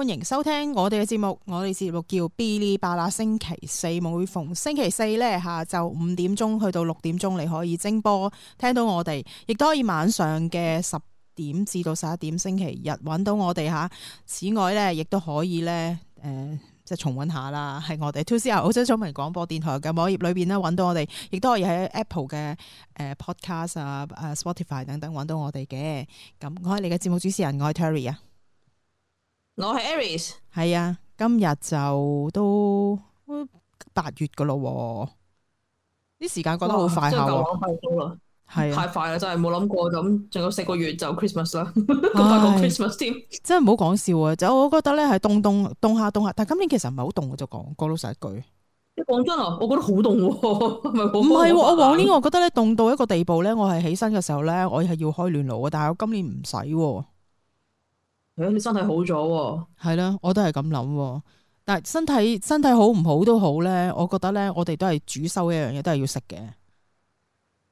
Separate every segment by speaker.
Speaker 1: 歡迎收聽我哋嘅節目，我哋節目叫 Bilibala。星期四每逢星期四咧，下晝五點鐘去到六點鐘，你可以精播聽到我哋，亦都可以晚上嘅十點至到十一點星期日搵到我哋吓。此外咧、呃，亦都可以咧，誒，即係重温下啦，係我哋 Two C R 澳洲中文廣播電台嘅網頁裏邊啦，搵到我哋，亦都可以喺 Apple 嘅誒 Podcast 啊、誒、啊、Spotify 等等搵到我哋嘅。咁，我係你嘅節目主持人，我係 Terry 啊。
Speaker 2: 我係 Aries，
Speaker 1: 係啊，今日就都八月噶咯、哦，
Speaker 2: 啲時間覺得好快下，太多
Speaker 1: 啦，
Speaker 2: 係太快啦，真係冇諗過咁，仲有四個月就 Christmas 啦，咁唉快過 Christmas
Speaker 1: 添，真係唔好講笑啊！就我覺得咧係凍凍凍下凍下，但係今年其實唔係好凍，我就講過老實一句。你
Speaker 2: 講真啊，我覺得好凍、啊，唔係我往年我
Speaker 1: 覺得咧凍到一個地步咧，我係起身嘅時候咧，我係要開暖爐啊。但係我今年唔使。誒，你、欸、身體好咗喎，啊？係啦，我都係咁諗喎。但係身體身體好唔好都好咧，我覺得咧，我哋都係主修一樣嘢，都係要食嘅。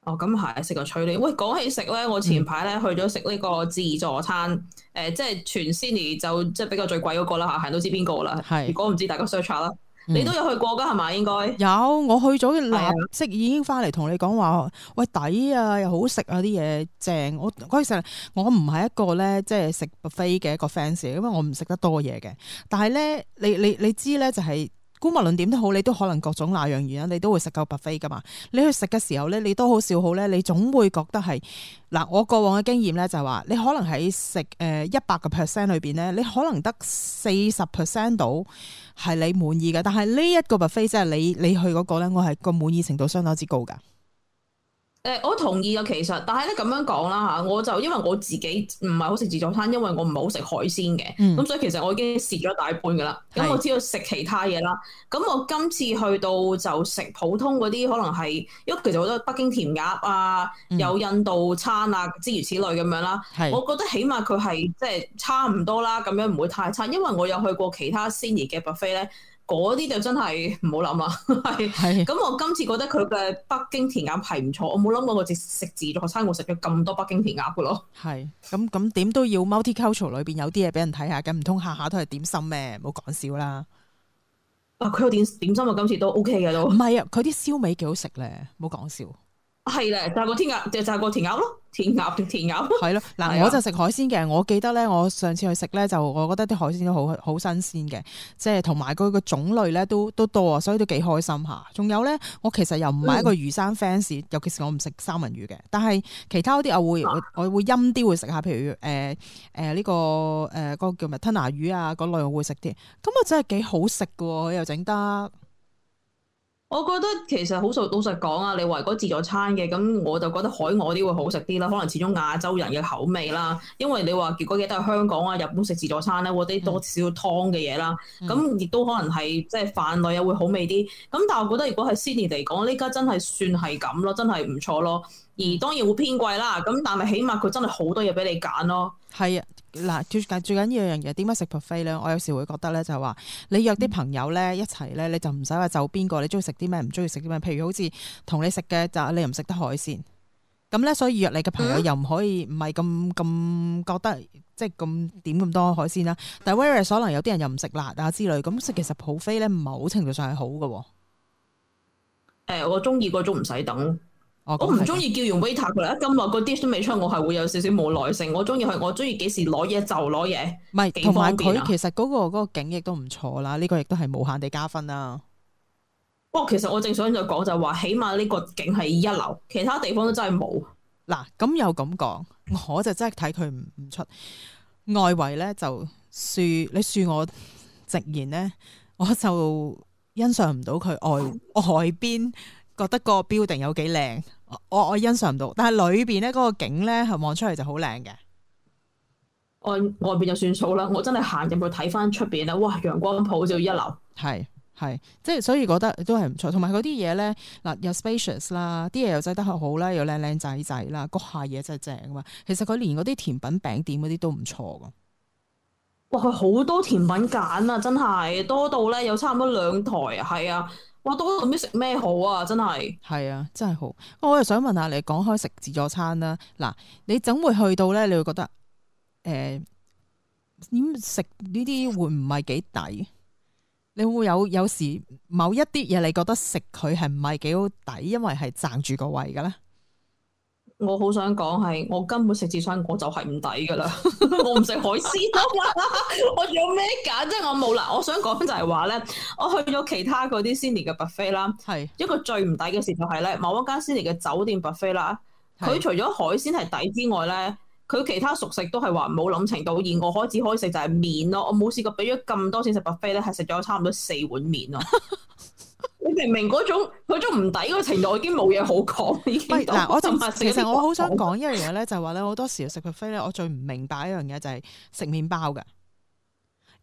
Speaker 2: 哦，咁係食個催你。喂，嗯、講、嗯、起食咧，我前排咧去咗食呢個自助餐。誒、呃，即係全 s e n i 就即係比較最貴嗰、那個啦嚇，行到知邊個啦？係，如果唔知，大家 search 下啦。你都有去過㗎係嘛？應該
Speaker 1: 有，我去咗立即已經翻嚟同你講話，的喂，抵啊，又好食啊，啲嘢正。我嗰陣時、那個、我唔係一個咧，即係食 buffet 嘅一個 fans，因為我唔食得多嘢嘅。但係咧，你你你知咧就係、是。估物論點都好，你都可能各種那樣原因，你都會食夠白 u f 噶嘛？你去食嘅時候咧，你都好少好咧，你總會覺得係嗱，我過往嘅經驗咧就話、是，你可能喺食誒一百個 percent 裏邊咧，你可能得四十 percent 到係你滿意嘅，但係呢一個白 u 即係你你去嗰、那個咧，我係個滿意程度相當之高噶。
Speaker 2: 誒，我同意啊，其實，但係咧咁樣講啦嚇，我就因為我自己唔係好食自助餐，因為我唔係好食海鮮嘅，咁、嗯、所以其實我已經蝕咗大半㗎喇。咁我知道食其他嘢啦，咁我今次去到就食普通嗰啲，可能係，因為其實好多北京甜鴨啊，有印度餐啊、嗯、諸如此類咁樣啦。是我覺得起碼佢係即係差唔多啦，咁樣唔會太差，因為我有去過其他鮮兒嘅 buffet 咧。嗰啲就真係唔好諗啦、啊，係。咁係我今次覺得佢嘅北
Speaker 1: 京填鴨係唔錯，我冇諗過我食自，自助餐我食咗咁多北京填鴨嘅咯。係，咁咁點都要 multicultural 裏邊有啲嘢俾人睇下，咁唔通下下都係點心咩？唔好講笑啦。啊，佢有點點心啊，今次都 OK 嘅都。唔係啊，佢啲燒味幾好食咧，唔好
Speaker 2: 講笑。係啦，炸過天鴨就炸、是、過田鴨、就是、咯，田鴨田鴨。
Speaker 1: 係 咯，嗱，我就食海鮮嘅，我記得咧，我上次去食咧，就我覺得啲海鮮都好好新鮮嘅，即係同埋佢個種類咧都都多啊，所以都幾開心吓。仲有咧，我其實又唔係一個魚生 fans，、嗯、尤其是我唔食三文魚嘅，但係其他嗰啲我會我我會陰啲會食下，譬如誒誒呢個誒、呃那個叫咩吞拿魚啊，個類我會食啲，咁啊真係幾好食噶，又整得。我覺得其實好熟，老實講啊，你
Speaker 2: 話如果自助餐嘅，咁我就覺得海外啲會好食啲啦，可能始終亞洲人嘅口味啦，因為你話結果嘅都係香港啊、日本食自助餐咧，會啲、嗯、多少湯嘅嘢啦，咁亦、嗯、都可能係即係飯類又會好味啲，咁但係我覺得如果係 Sydney 嚟講，呢家真係算係咁咯，真係唔錯咯，而當然會偏貴啦，咁但係起碼佢真係好多嘢俾你揀咯，
Speaker 1: 係啊。嗱，最緊要一樣嘢，點解食 buffet 咧？我有時會覺得咧，就係話你約啲朋友咧一齊咧，你就唔使話就邊個，你中意食啲咩，唔中意食啲咩。譬如好似同你食嘅就你又唔食得海鮮，咁咧，所以約你嘅朋友又唔可以唔係咁咁覺得即係咁點咁多海鮮啦。但係 v a r i 可能有啲人又唔食辣啊之類，咁食其實 buffet 咧唔係好程度上係好嘅。誒，
Speaker 2: 我中意嗰種唔使等。
Speaker 1: 我唔中意
Speaker 2: 叫完 waiter 佢嚟，今日嗰 dish 都未出，我係會有少少冇耐性。我中意係我中意幾時攞嘢就攞嘢，
Speaker 1: 唔係同埋佢其實嗰、嗰個、嗰個景亦都唔錯啦。呢、呢個亦都係無限地加分啦。哇、哦，其實我正想就講就話，起碼呢個景係一流，其他地方都真係冇。嗱，咁又咁講，我就真係睇佢唔唔出。外圍咧就恕，你恕我直言咧，我就欣賞唔到佢外 外邊覺得個 building 有幾靚。我我欣賞唔到，但係裏邊咧嗰個景咧係望出嚟，就好靚嘅。
Speaker 3: 外
Speaker 1: 外邊就算數啦，我真係行入去睇翻出邊啦，哇，陽光普照一流。係係，即係所以覺得都係唔錯，同埋嗰啲嘢咧，嗱 sp 又 spacious 啦，啲嘢又擠得好好啦，又靚靚仔仔啦，個下嘢真係正啊！其實佢連嗰啲甜品餅店嗰啲都唔錯噶。
Speaker 2: 哇，佢好多甜品揀啊，真係多到咧有差唔多兩台啊，係啊。哇！都唔知食咩好啊，真係係啊，真係
Speaker 1: 好。我又想問下你，講開食自助餐啦，嗱，你怎會去到咧？你會覺得誒，點食呢啲會唔係幾抵？你會唔會有有時某一啲嘢，你覺得食佢係唔係幾好抵？因為係賺住個胃嘅咧。
Speaker 2: 我好想講係，我根本食自助果就係唔抵噶啦我唔食海鮮啊嘛，我有咩揀？即係我冇啦。我想講就係話咧，我去咗其他嗰啲先嚟嘅 buffet 啦是，係一個最唔抵嘅事就係咧，某一間先嚟嘅酒店 buffet 啦，佢除咗海鮮係抵之外咧，佢其他熟食都係話冇諗程度，而我開始可以食就係麵咯，我冇試過俾咗咁多錢食 buffet 咧，係食咗差唔多四碗麵咯。 你明明嗰種，嗰種唔抵
Speaker 1: 個程度，我已經冇嘢好講。唔係嗱，我就其實我好想講一樣嘢咧，就係話咧，好多時食佢飛咧，我最唔明白一樣嘢就係食麵包嘅。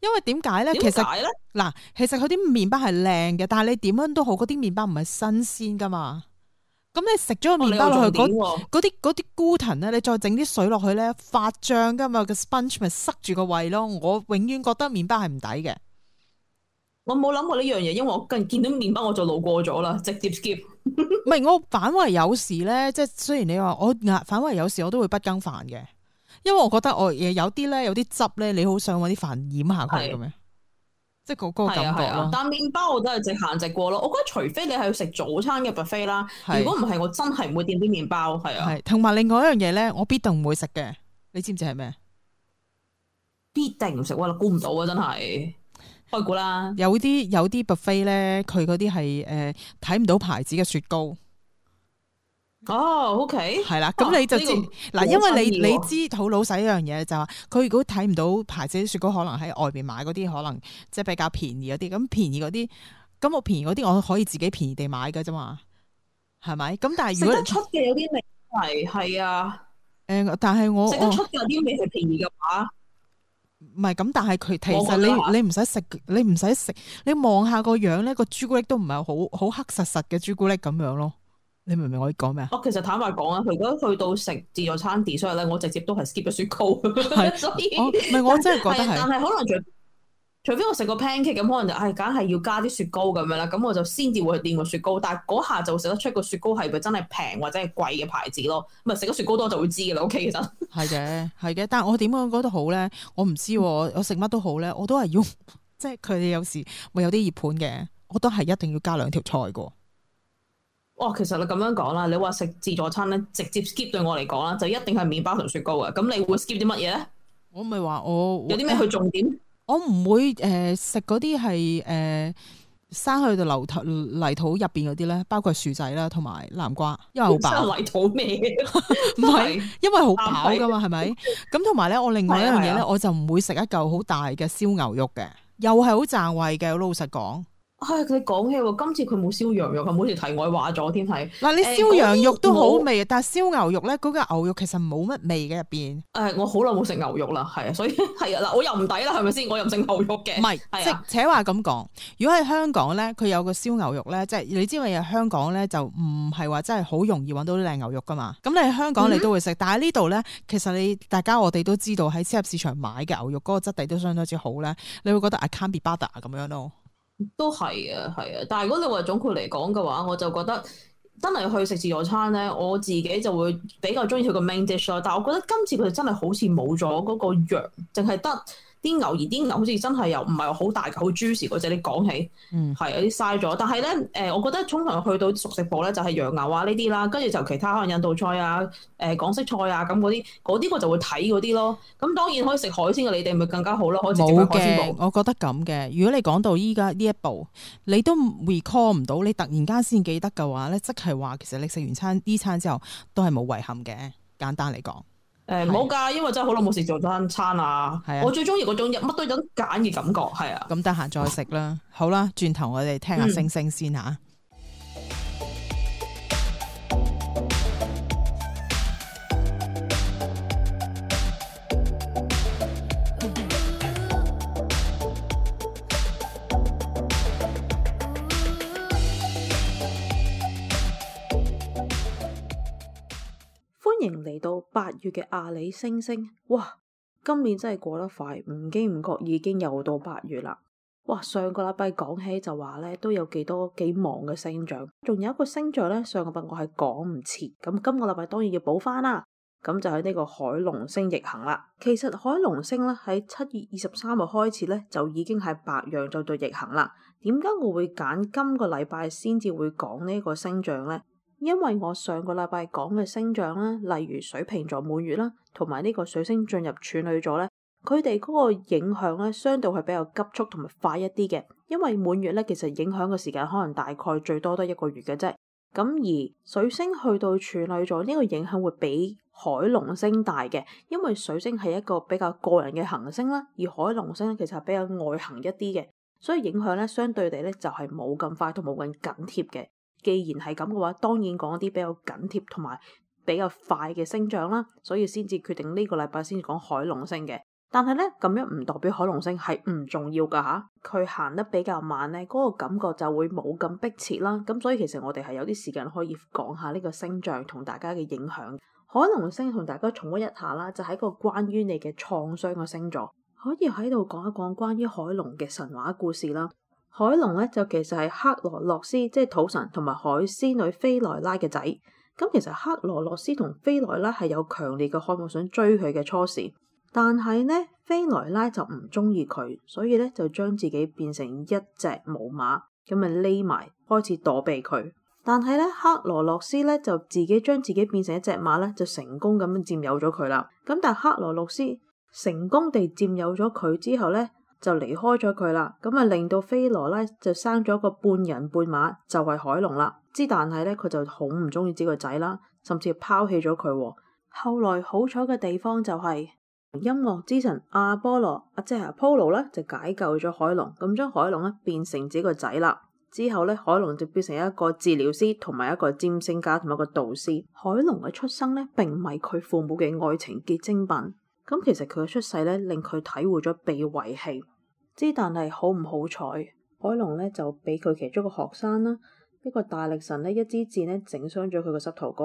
Speaker 1: 因為點解咧？其實嗱，其實佢啲麵包係靚嘅，但係你點樣都好，嗰啲麵包唔係新鮮噶嘛。咁你食咗個麵包落去，嗰啲嗰啲 gluten 咧，你再整啲水落去咧，發脹噶嘛，個 sponge 咪塞住個胃咯。我永遠覺得麵包係唔抵嘅。我冇諗過呢樣嘢，
Speaker 2: 因為我今日見到麵包我就
Speaker 1: 路過咗啦，直接 skip。唔 係我反為有時咧，即係雖然你話我反為有時我都會不更飯嘅，因為我覺得我有啲咧，有啲汁咧，你好想搵啲飯掩下佢咁樣，是即係嗰嗰個感覺、啊啊、但
Speaker 2: 麵包我都係直行直過咯，我覺得除非你係要食早餐嘅 buffet 啦是，如果唔係，
Speaker 1: 我真係唔會掂啲麵包。係啊，同埋另外一樣嘢咧，我必定唔會食嘅。你知唔知係咩？必定唔食，我估唔到啊，真係。開估啦，有啲有啲 buffet 咧，佢嗰啲係誒睇唔到牌子嘅雪糕。哦、oh，OK，係啦，咁你就知嗱，啊這個、因為你知你知好老細一樣嘢就話、是，佢如果睇唔到牌子啲雪糕，可能喺外邊買嗰啲，可能即係比較便宜嗰啲。咁便宜嗰啲，咁我便宜嗰啲，我可以自己便宜地買㗎啫嘛，係咪？咁但係如果出嘅有啲味係，係啊，誒、呃，但係我食得出啲味係
Speaker 2: 便宜嘅話。
Speaker 1: 唔係咁，但係佢其實你你唔使食，你唔使食，你望下個樣咧，個朱古力都唔係好好黑實實嘅朱古力咁樣咯。你明唔明我講咩啊？
Speaker 2: 我、哦、其實坦白講啊，佢如果去到食自助餐 dessert 咧，我直接都係 skip 咗雪糕，是 所以唔係我，我真係覺得係。但係可能除非我食個 pancake 咁，可能就係梗係要加啲雪糕咁樣啦。咁我就先至會去掂個雪糕，但係嗰下就食得出個雪糕係咪真係平或者係貴嘅牌子咯？咪食咗雪糕多就會知噶啦。O K，其實
Speaker 1: 係嘅，係嘅。但係我點樣覺得好咧？我唔知、哦嗯、我食乜都好咧，我都係要即係佢哋有時會有啲熱盤嘅，我都係一定要加兩條菜噶。
Speaker 2: 哦，其實你咁樣講啦，你話食自助餐咧，直接 skip 對我嚟講啦，就一定係麵包同雪糕啊。咁你會 skip 啲乜嘢
Speaker 1: 咧？我咪話我有啲咩去重點。呃我唔會誒食嗰啲係誒生去度泥土，泥土入邊嗰啲咧，包括薯仔啦，同埋南瓜，因為好飽泥土
Speaker 3: 味。唔係 是，
Speaker 1: 因為好飽噶嘛，係咪？咁同埋咧，我另外一樣嘢咧，我就唔會食一嚿好大嘅燒牛肉嘅，又係好炸胃嘅。我老實講。係佢講起喎，今次佢冇燒羊肉，佢好似提我話咗添係。嗱，你燒羊肉都好味，欸、但係燒牛肉咧，嗰、那個牛肉其實冇乜味嘅入邊。誒，我好耐冇食牛肉啦，係啊，所以
Speaker 2: 係啊，嗱，我又唔抵啦，係咪先？我又食牛肉嘅。唔係是，即係的且，
Speaker 1: 且話咁講，如果喺香港咧，佢有個燒牛肉咧，即、就、係、是、你知唔知香港咧就唔係話真係好容易揾到靚牛肉噶嘛。咁你喺香港你都會食，嗯、但係呢度咧，其實你大家我哋都知道喺超級市場買嘅牛肉嗰個質地都相當之好咧，你會覺得 I can't be butter 咁樣咯。
Speaker 2: 都係啊，係啊，但係如果你話總括嚟講嘅話，我就覺得真係去食自助餐咧，我自己就會比較中意佢個 main dish。但係我覺得今次佢哋真係好似冇咗嗰個羊，淨係得。啲牛而啲牛好似真係又唔係好大嚿豬時嗰隻，你講起係、嗯、有啲嘥咗。但係咧，誒、呃，我覺得通常去到熟食部咧，就係、是、羊牛啊呢啲啦，跟住就其他可能印度菜啊、誒、呃、港式菜啊咁嗰啲，嗰啲我就會睇嗰啲咯。咁當然可以食海鮮嘅，你哋咪更加好咯。冇嘅，我
Speaker 1: 覺得咁嘅。如果你講到依家呢一步，你都 recall 唔到，你突然間先記得嘅話咧，即係話其實你食完餐呢餐之後都係冇遺憾嘅。簡單嚟講。誒，欸、唔好噶，的因為真係好耐冇食早餐餐啦。係啊的，我最中意嗰種乜都有得揀嘅感覺。係啊，咁得閒再食啦。 好啦，轉頭我哋聽下星星先吓。嗯
Speaker 2: 歡迎嚟到八月嘅阿里星星，哇！今年真係過得快，唔經唔覺已經又到八月啦。哇！上個禮拜講起就話咧，都有幾多幾忙嘅星象，仲有一個星象咧，上個禮拜我係講唔切，咁今個禮拜當然要補翻啦。咁就喺呢個海龍星逆行啦。其實海龍星咧，喺七月二十三號開始咧，就已經係白羊座到逆行啦。點解我會揀今個禮拜先至會講呢個星象呢？因為我上個禮拜講嘅星象啦，例如水瓶座滿月啦，同埋呢個水星進入處女座咧，佢哋嗰個影響咧，相對係比較急速同埋快一啲嘅。因為滿月咧，其實影響嘅時間可能大概最多得一個月嘅啫。咁而水星去到處女座呢，呢個影響會比海龍星大嘅，因為水星係一個比較個人嘅行星啦，而海龍星咧其實係比較外行一啲嘅，所以影響咧相對地咧就係冇咁快同冇咁緊貼嘅。既然係咁嘅話，當然講一啲比較緊貼同埋比較快嘅星象啦，所以先至決定呢個禮拜先講海龍星嘅。但係咧，咁樣唔代表海龍星係唔重要㗎嚇。佢行得比較慢咧，嗰個感覺就會冇咁迫切啦。咁所以其實我哋係有啲時間可以講下呢個星象同大家嘅影響。海龍星同大家重溫一下啦，就係個關於你嘅創傷嘅星座，可以喺度講一講關於海龍嘅神話故事啦。海龍咧就其實係克羅洛斯，即係土神，同埋海仙女菲萊拉嘅仔。咁其實克羅洛斯同菲萊拉係有強烈嘅渴望想追佢嘅初時，但係咧菲萊拉就唔中意佢，所以咧就將自己變成一隻母馬，咁咪匿埋開始躲避佢。但係咧克羅洛斯咧就自己將自己變成一隻馬咧，就成功咁樣佔有咗佢啦。咁但係克羅洛斯成功地佔有咗佢之後咧。就離開咗佢啦，咁啊令到飛羅咧就生咗一個半人半馬，就係海龍啦。之但係咧，佢就好唔中意自己個仔啦，甚至拋棄咗佢。後來好彩嘅地方就係音樂之神阿波羅，即係阿波羅咧就解救咗海龍，咁將海龍咧變成自己個仔啦。之後咧，海龍就變成一個治療師同埋一個占星家同埋個導師。海龍嘅出生咧並唔係佢父母嘅愛情結晶品，咁其實佢嘅出世咧令佢體會咗被遺棄。之但係好唔好彩，海龍呢就俾佢其中一個學生啦，一個大力神呢一支箭呢整傷咗佢個膝頭哥，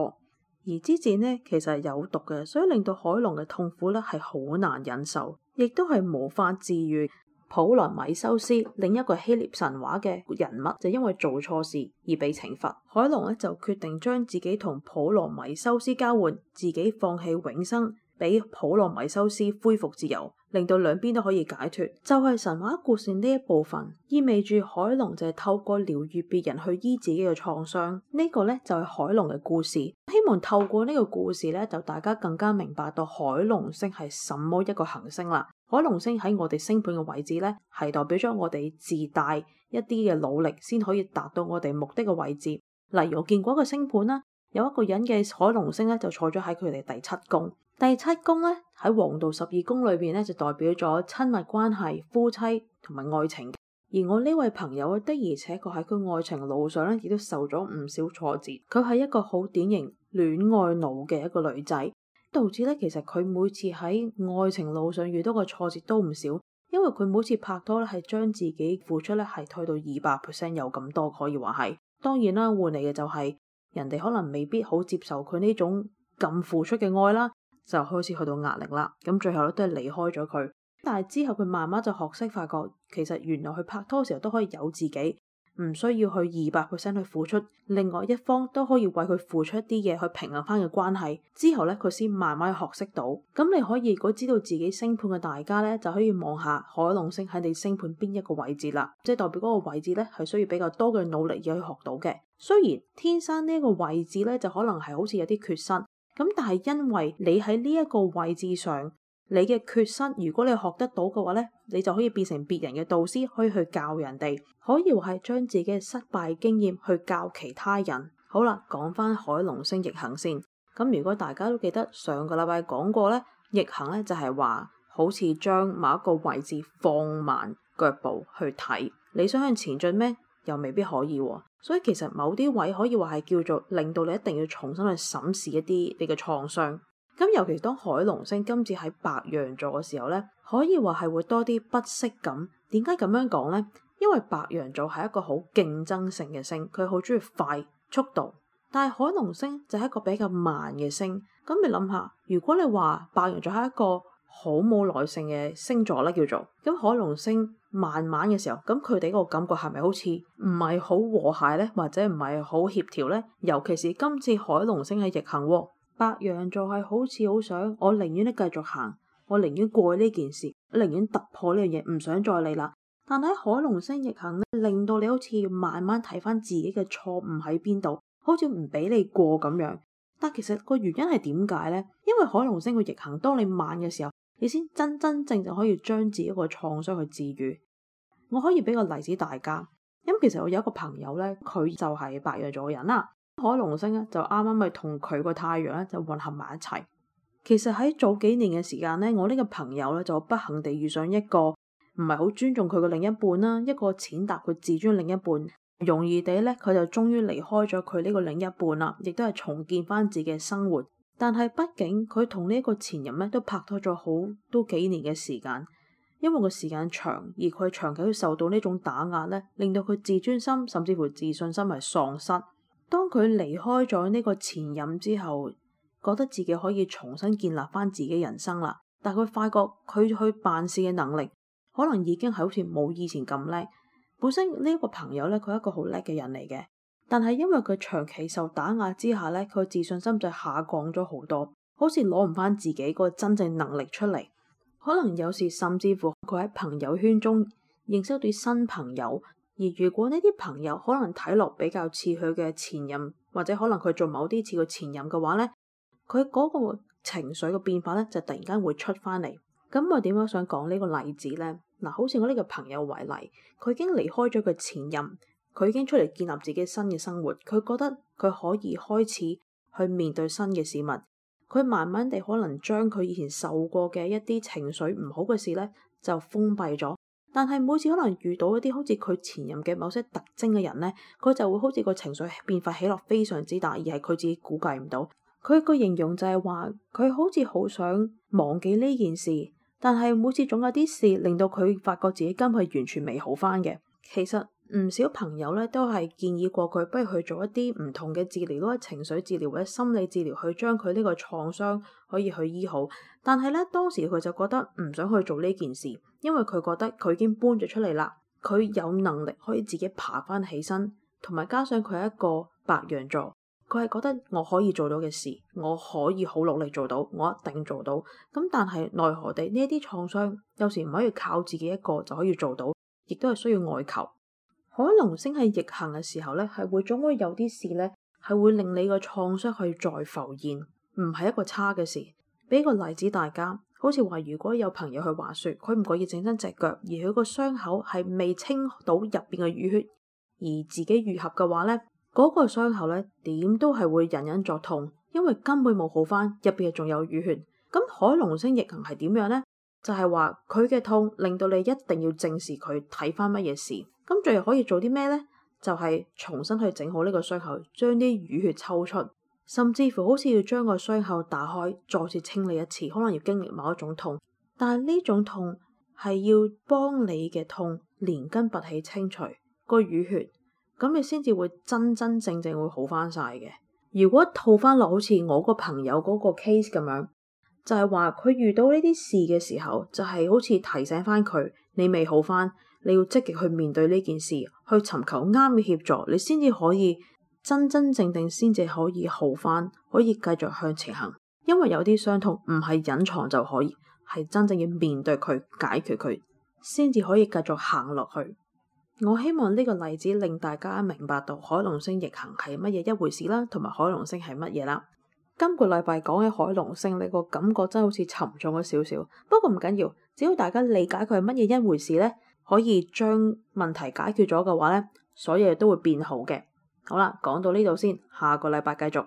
Speaker 2: 而支箭呢其實係有毒嘅，所以令到海龍嘅痛苦呢係好難忍受，亦都係無法治愈。普羅米修斯另一個希臘神話嘅人物就因為做錯事而被懲罰，海龍呢就決定將自己同普羅米修斯交換，自己放棄永生，俾普羅米修斯恢復自由。令到兩邊都可以解脫，就係、是、神話故事呢一部分，意味住海龍就係透過療愈別人去醫自己嘅創傷。這個、呢個咧就係、是、海龍嘅故事。希望透過呢個故事咧，就大家更加明白到海龍星係什麼一個行星啦。海龍星喺我哋星盤嘅位置咧，係代表咗我哋自大一啲嘅努力先可以達到我哋目的嘅位置。例如我見過一個星盤啦，有一個人嘅海龍星咧就坐咗喺佢哋第七宮。第七宮咧喺黃道十二宮裏邊咧就代表咗親密關係、夫妻同埋愛情。而我呢位朋友啊，的而且確喺佢愛情路上咧亦都受咗唔少挫折。佢係一個好典型戀愛腦嘅一個女仔，導致咧其實佢每次喺愛情路上遇到嘅挫折都唔少，因為佢每次拍拖咧係將自己付出咧係退到二百 percent 有咁多，可以話係。當然啦，換嚟嘅就係、是、人哋可能未必好接受佢呢種咁付出嘅愛啦。就開始去到壓力啦，咁最後咧都係離開咗佢。但係之後佢慢慢就學識發覺，其實原來去拍拖嘅時候都可以有自己，唔需要去二百 percent 去付出，另外一方都可以為佢付出一啲嘢去平衡翻嘅關係。之後咧佢先慢慢去學識到。咁你可以如果知道自己星盤嘅大家咧，就可以望下海龍星喺你星盤邊一個位置啦，即係代表嗰個位置咧係需要比較多嘅努力而去學到嘅。雖然天生呢一個位置咧就可能係好似有啲缺失。咁但係因為你喺呢一個位置上，你嘅缺失，如果你學得到嘅話呢，你就可以變成別人嘅導師，可以去教人哋，可以話係將自己嘅失敗經驗去教其他人。好啦，講翻海龍星逆行先。咁如果大家都記得上個禮拜講過呢，逆行呢就係話好似將某一個位置放慢腳步去睇，你想向前進咩？又未必可以喎啊。所以其實某啲位可以話係叫做令到你一定要重新去審視一啲你嘅創傷。咁尤其當海龍星今次喺白羊座嘅時候咧，可以話係會多啲不適感。點解咁樣講咧？因為白羊座係一個好競爭性嘅星，佢好中意快速度，但係海龍星就係一個比較慢嘅星。咁你諗下，如果你話白羊座係一個好冇耐性嘅星座啦，叫做咁海龍星慢慢嘅時候，咁佢哋個感覺係咪好似唔係好和諧呢？或者唔係好協調呢？尤其是今次海龍星係逆行喎，白羊座係好似好想我，寧願你繼續行，我寧願過呢件事，寧願突破呢樣嘢，唔想再嚟啦。但喺海龍星逆行咧，令到你好似要慢慢睇翻自己嘅錯誤喺邊度，好似唔俾你過咁樣。但其實個原因係點解呢？因為海龍星嘅逆行，當你慢嘅時候。你先真真正正可以將自己個創傷去治愈。我可以俾個例子大家，咁其實我有一個朋友咧，佢就係白羊座人啦，凱龍星咧就啱啱咪同佢個太陽咧就混合埋一齊。其實喺早幾年嘅時間咧，我呢個朋友咧就不幸地遇上一個唔係好尊重佢嘅另一半啦，一個踐踏佢自尊另一半，容易地咧佢就終於離開咗佢呢個另一半啦，亦都係重建翻自己嘅生活。但係，畢竟佢同呢一個前任咧都拍拖咗好都幾年嘅時間，因為個時間長，而佢長期受到呢種打壓咧，令到佢自尊心甚至乎自信心係喪失。當佢離開咗呢個前任之後，覺得自己可以重新建立翻自己人生啦，但佢發覺佢去辦事嘅能力可能已經係好似冇以前咁叻。本身呢一個朋友咧，佢係一個好叻嘅人嚟嘅。但係因為佢長期受打壓之下咧，佢自信心就下降咗好多，好似攞唔翻自己個真正能力出嚟。可能有時甚至乎佢喺朋友圈中認識到啲新朋友，而如果呢啲朋友可能睇落比較似佢嘅前任，或者可能佢做某啲似佢前任嘅話咧，佢嗰個情緒嘅變化咧就突然間會出翻嚟。咁我點樣想講呢個例子咧？嗱，好似我呢個朋友為例，佢已經離開咗佢前任。佢已經出嚟建立自己新嘅生活，佢覺得佢可以開始去面對新嘅事物。佢慢慢地可能將佢以前受過嘅一啲情緒唔好嘅事呢，就封閉咗。但係每次可能遇到一啲好似佢前任嘅某些特徵嘅人呢，佢就會好似個情緒變化起落非常之大，而係佢自己估計唔到。佢個形容就係話，佢好似好想忘記呢件事，但係每次總有啲事令到佢發覺自己根本係完全未好返嘅。其實。唔少朋友咧都係建議過佢，不如去做一啲唔同嘅治療咯，情緒治療或者心理治療，去將佢呢個創傷可以去醫好。但係咧，當時佢就覺得唔想去做呢件事，因為佢覺得佢已經搬咗出嚟啦，佢有能力可以自己爬翻起身，同埋加上佢係一個白羊座，佢係覺得我可以做到嘅事，我可以好努力做到，我一定做到。咁但係奈何地呢一啲創傷，有時唔可以靠自己一個就可以做到，亦都係需要外求。海龍星係逆行嘅時候咧，係會總會有啲事咧，係會令你個創傷去再浮現，唔係一個差嘅事。俾個例子大家，好似話如果有朋友去滑雪，佢唔覺意整親隻腳，而佢個傷口係未清到入邊嘅淤血，而自己愈合嘅話咧，嗰個傷口咧點都係會隱隱作痛，因為根本冇好翻，入邊仲有淤血。咁海龍星逆行係點樣咧？就係話佢嘅痛令到你一定要正視佢，睇翻乜嘢事，咁最後可以做啲咩呢？就係、是、重新去整好呢個傷口，將啲淤血抽出，甚至乎好似要將個傷口打開，再次清理一次，可能要經歷某一種痛，但係呢種痛係要幫你嘅痛連根拔起，清除個淤血，咁你先至會真真正正會好翻晒嘅。如果套翻落好似我個朋友嗰個 case 咁樣，就係話佢遇到呢啲事嘅時候，就係好似提醒翻佢，你未好翻，你要積極去面對呢件事，去尋求啱嘅協助，你先至可以真真正正先至可以好翻，可以繼續向前行。因為有啲傷痛唔係隱藏就可以，係真正要面對佢解決佢，先至可以繼續行落去。我希望呢個例子令大家明白到海龍星逆行係乜嘢一回事啦，同埋海龍星係乜嘢啦。今個禮拜講起海龍星，你個感覺真係好似沉重咗少少。不過唔緊要，只要大家理解佢係乜嘢一回事咧，可以將問題解決咗嘅話咧，所有嘢都會變好嘅。好啦，講到呢度先，下個禮拜繼續。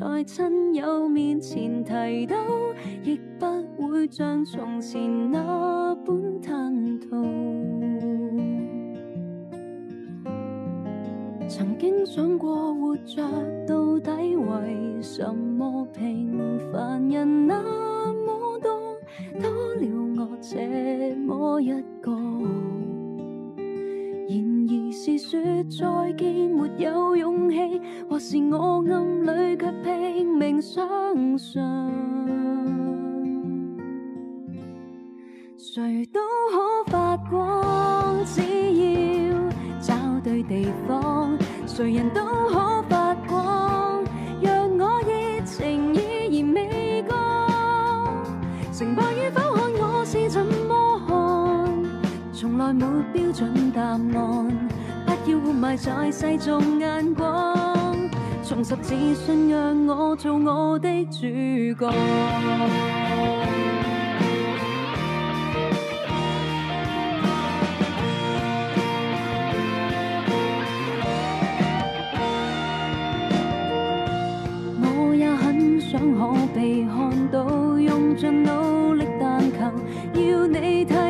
Speaker 3: 在親友面前提到，亦不會像從前那般吞吐。曾經想過活着到底為什麼？平凡人那麼多，多了我這麼一個。再見，沒有勇氣，或是我暗裡卻拼命相信。誰都可發光，只要找對地方。誰人都可發光，讓我熱情依然未降，成敗與否看我是怎麼看，從來沒標準答案。在世俗眼光，重拾自信，讓我做我的主角。我也很想可被看到，用盡努力，但求要你睇。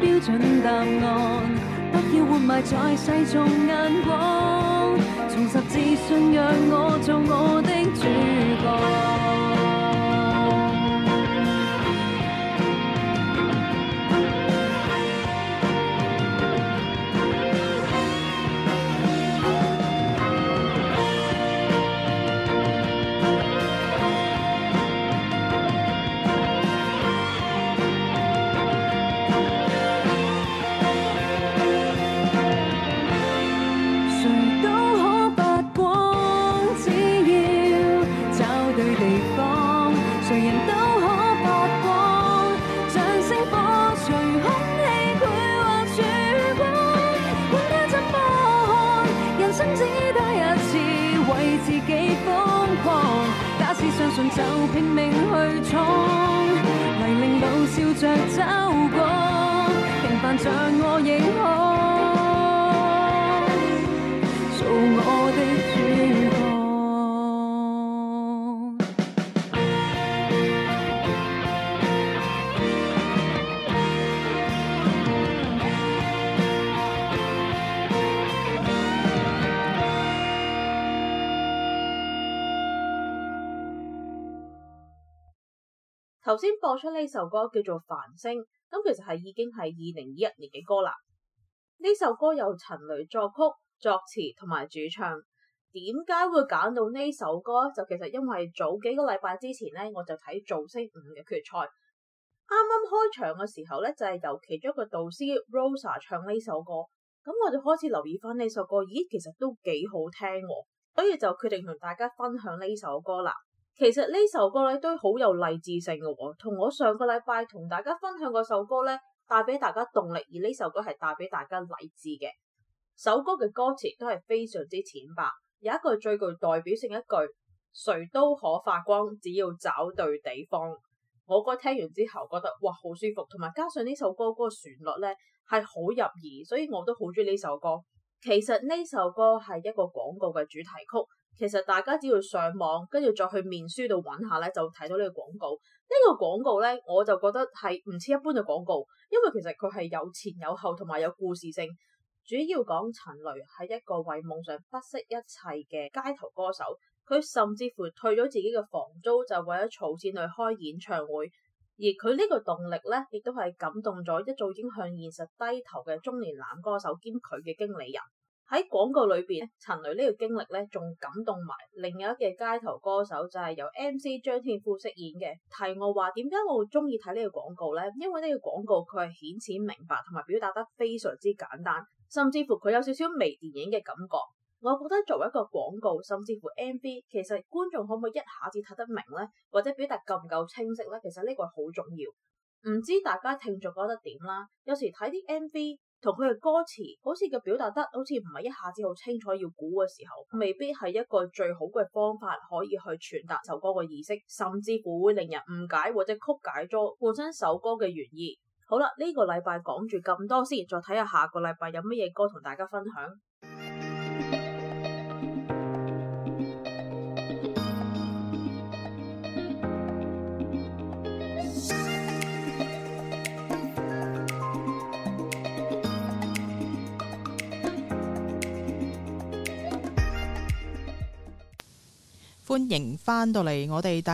Speaker 3: 標準答案，不要活埋在世俗眼光，重拾自信，讓我做我的主角。就拼命去闖，泥濘路笑着走過，平凡像我認可。
Speaker 2: 先播出呢首歌叫做《繁星》，咁其實係已經係二零二一年嘅歌啦。呢首歌由陳雷作曲、作詞同埋主唱。點解會揀到呢首歌？就其實因為早幾個禮拜之前呢，我就睇《造星五》嘅決賽，啱啱開場嘅時候呢，就係由其中一個導師 Rosa 唱呢首歌，咁我就開始留意返呢首歌，咦，其實都幾好聽喎，所以就決定同大家分享呢首歌啦。其實呢首歌咧都好有勵志性嘅喎，哦，同我上個禮拜同大家分享嗰首歌咧，帶俾大家動力，而呢首歌係帶俾大家勵志嘅。首歌嘅歌詞都係非常之淺白，有一句最具代表性一句：誰都可發光，只要找對地方。我哥聽完之後覺得哇，好舒服，同埋加上呢首歌嗰個旋律咧係好入耳，所以我都好中意呢首歌。其實呢首歌係一個廣告嘅主題曲。其實大家只要上網，跟住再去面書度揾下咧，就睇到呢個廣告。呢個廣告咧，我就覺得係唔似一般嘅廣告，因為其實佢係有前有後同埋有故事性。主要講陳雷係一個為夢想不惜一切嘅街頭歌手，佢甚至乎退咗自己嘅房租，就為咗籌錢去開演唱會。而佢呢個動力咧，亦都係感動咗一早已經向現實低頭嘅中年男歌手兼佢嘅經理人。喺廣告裏邊咧，陳雷呢個經歷咧，仲感動埋另一個街頭歌手，就係由 M C 張天賦飾演嘅。提我話點解我會中意睇呢個廣告呢？因為呢個廣告佢係顯淺明白同埋表達得非常之簡單，甚至乎佢有少少微電影嘅感覺。我覺得作為一個廣告，甚至乎 M V，其實觀眾可唔可以一下子睇得明呢？或者表達夠唔夠清晰呢？其實呢個好重要。唔知大家聽著覺得點啦？有時睇啲 M V。同佢嘅歌詞，好似嘅表達得好似唔係一下子好清楚，要估嘅時候，未必係一個最好嘅方法可以去傳達首歌嘅意識，甚至乎會令人誤解或者曲解咗本身首歌嘅原意。好啦，呢個禮拜講住咁多先，再睇下下個禮拜有乜嘢歌同大家分享。
Speaker 1: 歡迎翻到嚟我哋第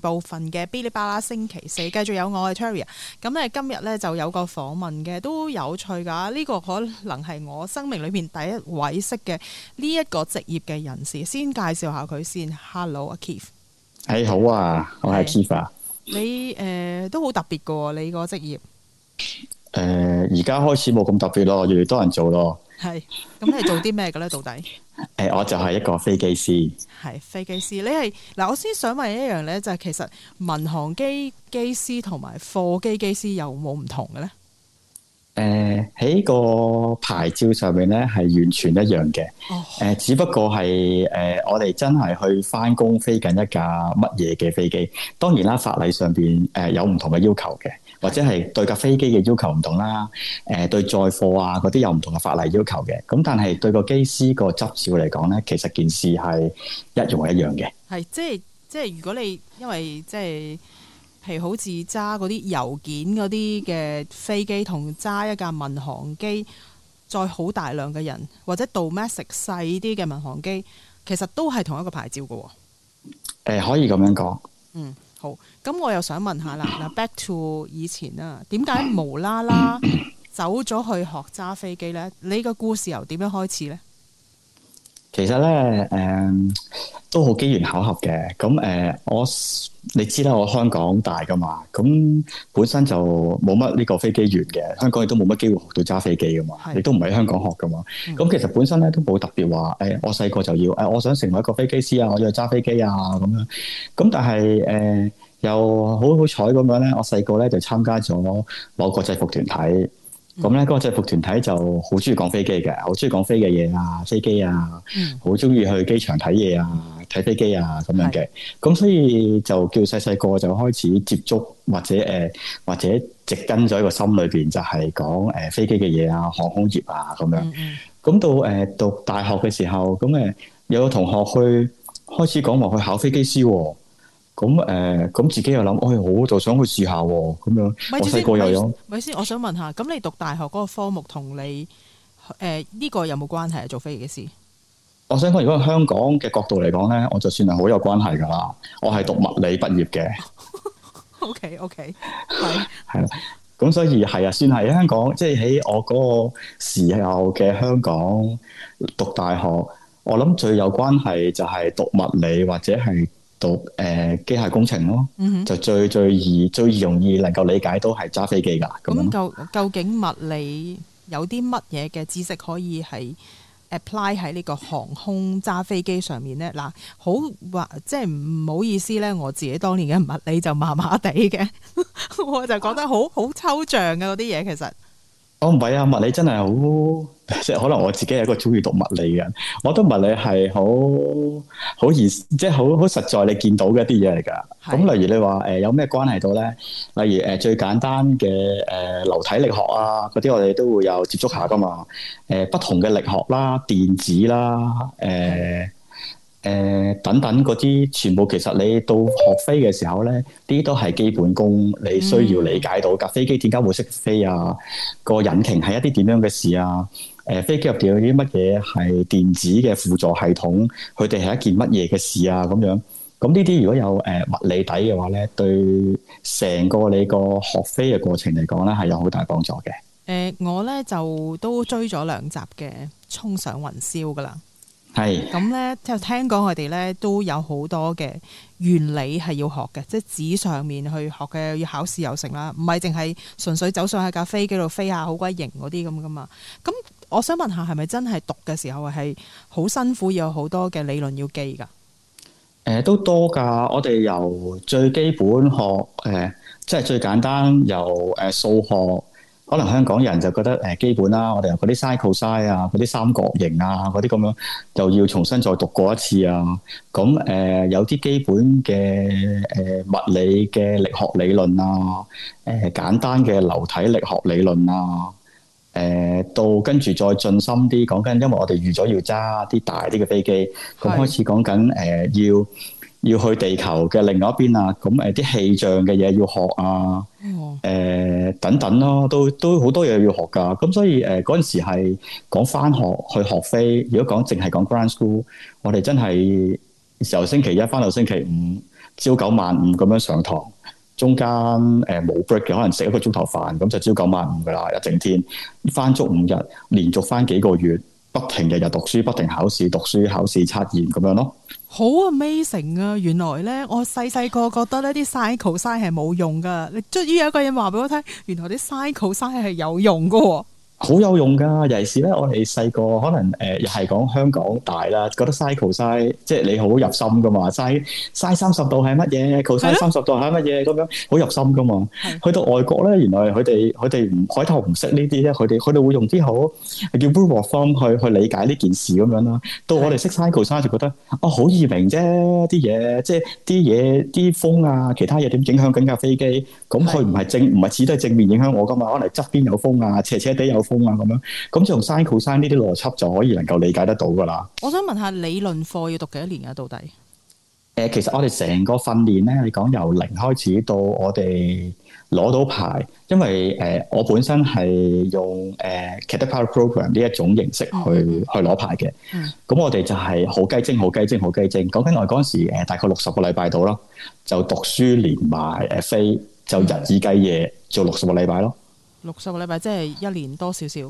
Speaker 1: 二部分嘅《嗶哩吧啦星期四》，繼續有我係 Tury。咁咧今日咧就有個訪問嘅，都有趣㗎。呢、這個可能係我生命裏面第一位識嘅呢一個職業嘅人士。先介紹下佢先。Hello 阿 Keith
Speaker 4: 你好啊，我係 Keith 啊。
Speaker 1: 你誒、呃、都好特別嘅喎，你個職業。
Speaker 4: 誒、呃，而家開始冇咁特別咯，越嚟越多人做咯。
Speaker 1: 係咁，你做啲咩嘅咧？到底？
Speaker 4: 誒、呃，我就係一個飛機師。
Speaker 1: 係飛機師，你係嗱，我先想問一樣咧，就係、是、其實民航機機師同埋貨機機師有冇唔同嘅咧？
Speaker 4: 誒、呃，喺個牌照上面咧係完全一樣嘅。誒、哦呃，只不過係誒、呃，我哋真係去返工飛緊一架乜嘢嘅飛機，當然啦，法例上邊誒、呃、有唔同嘅要求嘅。或者係對架飛機嘅要求唔同啦，誒、呃、對載貨啊嗰啲有唔同嘅法例要求嘅，咁但係對個機師個執照嚟講咧，其實件事係一,一樣一樣嘅。
Speaker 1: 係即係即係如果你因為即係譬如好似揸嗰啲郵件嗰啲嘅飛機同揸一架民航機載好大量嘅人，或者 domestic 細啲嘅民航機，其實都係同一個牌照嘅喎、
Speaker 4: 哦呃。可以咁樣講。嗯。
Speaker 1: 好，咁我又想問下啦，嗱，back to 以前啊，點解無啦啦走咗去學揸飛機咧？你個故事由點樣開始咧？
Speaker 4: 其實咧，誒、嗯，都好機緣巧合嘅。咁誒、呃，我你知啦，我香港大噶嘛，咁本身就冇乜呢個飛機員嘅，香港亦都冇乜機會學到揸飛機噶嘛，亦是的 都唔係喺香港學噶嘛。咁、嗯、其實本身咧都冇特別話，誒、哎，我細個就要，誒、哎，我想成為一個飛機師啊，我要揸飛機啊，咁樣。咁但係，誒、呃，又好好彩咁樣咧，我細個咧就參加咗某個制服團體。咁咧，個、嗯、制服團體就好中意講飛機嘅，好中意講飛嘅嘢啊，飛機啊，好中意去機場睇嘢啊，睇飛機啊咁樣嘅。咁是所以就叫細細個就開始接觸，或者誒，或者植根咗喺個心裏邊，就係講誒飛機嘅嘢啊，航空業啊咁樣。咁、嗯、到誒讀大學嘅時候，咁誒有個同學去開始講話去考飛機師、啊。咁誒，咁、嗯嗯、自己又諗，我、哎、我就想去試下喎，咁樣。等等我細個又有。
Speaker 1: 咪先，我想問下，咁你讀大學嗰個科目同你誒呢、呃這個有冇關係啊？做飛機師。
Speaker 4: 我想講，如果香港嘅角度嚟講咧，我就算係好有關係噶啦。我係讀物理畢業嘅。
Speaker 1: O K O K，係係
Speaker 4: 啦，咁所以係啊，算係香港，即係喺我嗰個時候嘅香港讀大學，我諗最有關係就係讀物理或者係。誒、呃、機械工程咯，嗯、哼就最最易最容易能夠理解到係揸飛機噶。咁、嗯
Speaker 1: 哼，究竟物理有啲乜嘢嘅知識可以係 apply 喺呢個航空揸飛機上面咧？嗱、啊，好哇，即係唔好意思咧，我自己當年嘅物理就麻麻地嘅， 我就覺得好好抽象嘅嗰啲嘢，其實，
Speaker 4: 哦、唔係、啊，物理真係好。即係可能我自己係一個中意讀物理嘅人，我覺得物理係好好易，即係好好實在，你見到嘅一啲嘢嚟噶。咁例如你話誒、呃、有咩關係到咧？例如誒、呃、最簡單嘅誒、呃、流體力學啊，嗰啲我哋都會有接觸下噶嘛。誒、呃、不同嘅力學啦、啊、電子啦、啊、誒、呃、誒、呃、等等嗰啲，全部其實你到學飛嘅時候咧，啲都係基本功，你需要理解到架飛機點解會識飛啊？個、嗯啊、引擎係一啲點樣嘅事啊？誒飛機入邊有啲乜嘢係電子嘅輔助系統，佢哋係一件乜嘢嘅事啊？咁樣咁呢啲如果有誒物理底嘅話咧，對成個你個學飛嘅過程嚟講咧，係有好大幫助嘅。
Speaker 1: 誒我咧就都追咗兩集嘅《衝上雲霄》噶啦，
Speaker 4: 係咁
Speaker 1: 咧就聽講佢哋咧都有好多嘅原理係要學嘅，即係紙上面去學嘅，要考試又成啦，唔係淨係純粹走上去架飛機度飛下好鬼型嗰啲咁噶嘛，咁。我想問下，係咪真係讀嘅時候係好辛苦，有好多嘅理論要記噶？
Speaker 4: 誒，都多噶。我哋由最基本學誒，即係最簡單由誒數學，可能香港人就覺得誒基本啦。我哋由嗰啲 cycle side 啊，嗰啲三角形啊，嗰啲咁樣就要重新再讀過一次啊。咁誒，有啲基本嘅誒物理嘅力學理論啊，誒簡單嘅流體力學理論啊。誒、呃、到跟住再進深啲講緊，因為我哋預咗要揸啲大啲嘅飛機，咁是開始講緊誒、呃、要要去地球嘅另外一邊啊，咁誒啲氣象嘅嘢要學啊，誒、呃、等等咯，都都好多嘢要學㗎，咁所以誒嗰陣時係講返學去學飛，如果講淨係講 ground school，我哋真係由星期一返到星期五朝九晚五咁樣上堂。中間誒冇 break 嘅，可能食一個鐘頭飯，咁就朝九晚五㗎啦，一整天返足五日，連續返幾個月，不停日日讀書，不停考試、讀書、考試測驗咁樣咯。
Speaker 1: 好 amazing 啊！原來咧，我細細個覺得咧啲 cycle cycle 係冇用噶，你終於有一個人話俾我聽，原來啲 cycle cycle 係有用噶喎。
Speaker 4: 好有用噶，尤其是咧，我哋細個可能誒，又係講香港大啦，覺得 cycle 曬，即係你好入心噶嘛，曬曬三十度係乜嘢？c u 三十度係乜嘢咁樣，好入心噶嘛。 去到外國咧，原來佢哋佢哋唔海淘唔識呢啲咧，佢哋佢哋會用啲好叫 blue word form 去去，去理解呢件事咁樣啦。到我哋識 cycle 曬就覺得哦，哦、好易明啫啲嘢，即係啲嘢啲風啊，其他嘢點影響緊架飛機。咁佢唔係正，唔係只都係正面影響我噶嘛？可能側邊有風啊，斜斜地有風啊，咁樣咁就用山靠山呢啲邏輯就可以能夠理解得到噶啦。
Speaker 1: 我想問下理論課要讀幾多年啊？到底？
Speaker 4: 誒，其實我哋成個訓練咧，你講由零開始到我哋攞到牌，因為誒我本身係用誒 cadet program 呢一種形式去去攞牌嘅。咁我哋就係好雞精，好雞精，好雞精。講緊我哋嗰陣時，誒大概六十個禮拜到啦，就讀書連埋誒飛。就日以繼夜做六十個禮拜咯，
Speaker 1: 六十個禮拜即係一年多少少，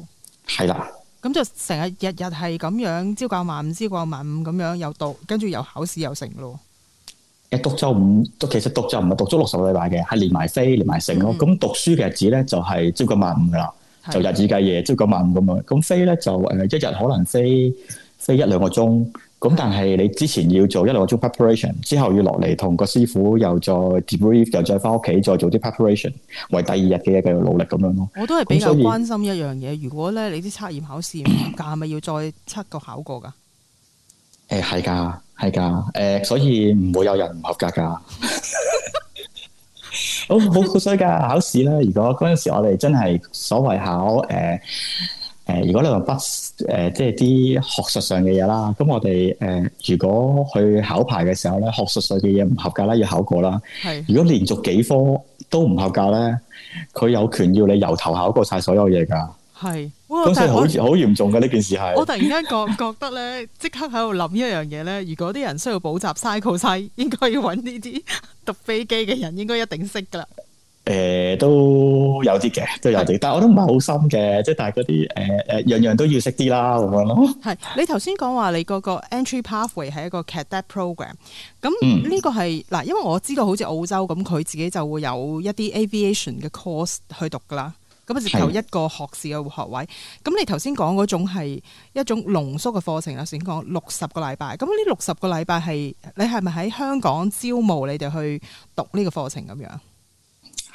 Speaker 4: 係啦的。
Speaker 1: 咁就成日日日係咁樣朝九晚五、朝九晚五咁樣又讀，跟住又考試又成咯。
Speaker 4: 誒，讀就唔讀，讀，其實讀就唔係讀咗六十個禮拜嘅，係連埋飛連埋成咯。咁、嗯、讀書嘅日子咧就係、是、朝九晚五噶啦，的就日以繼夜朝九晚五咁樣。咁飛咧就誒、呃，一日可能飛飛一,一兩個鐘。咁但係你之前要做一兩個鐘 preparation，之後要落嚟同個師傅又再 debrief，又再翻屋企再做啲 preparation，為第二日嘅繼續努力咁樣咯。我都係比較關
Speaker 1: 心一樣嘢，如果咧你啲測驗考試唔合格，係咪要再測個考過噶？
Speaker 4: 誒係噶係噶，誒所以唔會有人唔合格噶。好好好衰噶考試啦！如果嗰陣時我哋真係所謂考誒。誒，如果你話不誒、呃，即係啲學術上嘅嘢啦，咁我哋誒、呃，如果去考牌嘅時候咧，學術上嘅嘢唔合格啦，要考過啦。係是。如果連續幾科都唔合格咧，佢有權要你由頭考過晒所有嘢㗎。
Speaker 1: 係。咁所以好
Speaker 4: 好我嚴重嘅呢件事係。我突然
Speaker 1: 間覺覺得咧，即 刻喺度諗一樣嘢咧，如果啲人需要補習西靠西，應該要揾呢啲讀飛機嘅人，應該一定識㗎啦。
Speaker 4: 誒、呃，都有啲嘅，都有啲，但係我都唔係好深嘅，即係但係嗰啲誒誒樣樣都要識啲啦，咁樣咯。
Speaker 1: 係，你頭先講話你個 entry pathway 係一個 cadet program，咁呢個係嗱，嗯、因為我知道好似澳洲咁，佢自己就會有一啲 aviation 嘅 course 去讀噶啦，咁就求一個學士嘅學位。咁係你頭先講嗰種係一種濃縮嘅課程啦，先講六十個禮拜。咁呢六十個禮拜係你係咪喺香港招募你哋去讀個課呢個課程咁樣？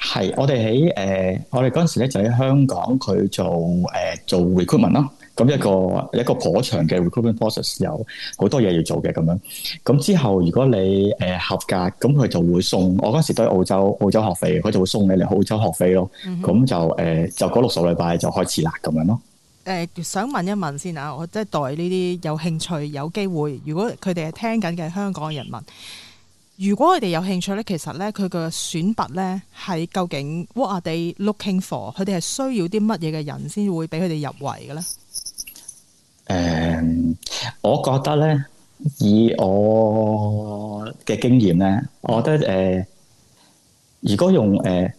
Speaker 4: 係，我哋喺誒，我哋嗰陣時咧就喺香港，佢做誒、呃、做 recruitment 咯，咁一個一個頗長嘅 recruitment process 有好多嘢要做嘅咁樣。咁之後如果你誒、呃、合格，咁佢就會送我嗰陣時對澳洲澳洲學費，佢就會送你嚟澳洲學費咯。咁、嗯、哼就誒、呃、就嗰六十個禮拜就開始啦咁樣咯。
Speaker 1: 誒、呃，想問一問先啊，我即係對呢啲有興趣、有機會，如果佢哋係聽緊嘅香港人民。如果佢哋有興趣咧，其實咧佢嘅選拔咧係究竟 what are they looking for，佢哋係需要啲乜嘢嘅人先會俾佢哋入圍嘅咧？
Speaker 4: 誒、嗯，我覺得咧，以我嘅經驗咧，我覺得誒、呃，如果用誒、呃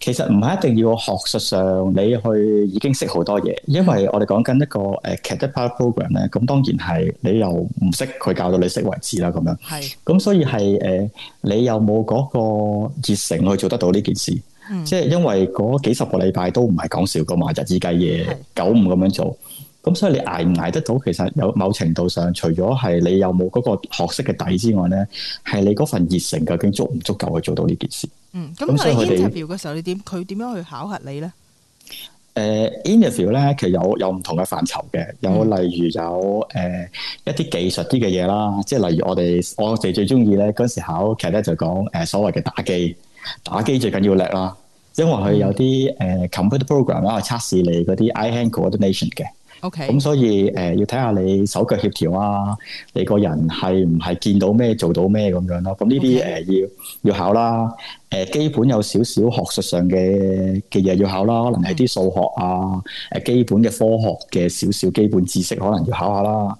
Speaker 4: 其實唔係一定要學術上你去已經識好多嘢，因為我哋講緊一個誒 cadet program 咧，咁當然係你又唔識，佢教到你識為止啦，咁樣。係是。咁所以係誒、呃，你有冇嗰個熱誠去做得到呢件事？嗯、即係因為嗰幾十個禮拜都唔係講笑㗎嘛，日以繼夜，是九五咁樣做，咁所以你挨唔挨得到？其實有某程度上，除咗係你有冇嗰個學識嘅底之外咧，係你嗰份熱誠究竟足唔足夠去做到呢件事？
Speaker 1: 嗯，咁你 Interview 嘅時候你點？佢點樣去考核你咧？
Speaker 4: 誒 Interview 咧，其實有有唔同嘅範疇嘅，有例如有誒、呃、一啲技術啲嘅嘢啦，即係例如我哋我哋最中意咧嗰陣時考，其實咧就講誒、呃、所謂嘅打機打機最緊要叻啦，因為佢有啲誒、呃、computer program 咧、啊、去測試你嗰啲 eye hand coordination 嘅。OK，咁、嗯、所以誒、呃、要睇下你手腳協調啊，你個人係唔係見到咩做到咩咁樣咯？咁呢啲誒要要考啦，誒、呃、基本有少少學術上嘅嘅嘢要考啦，可能係啲數學啊，誒基本嘅科學嘅少少基本知識可能要考下啦。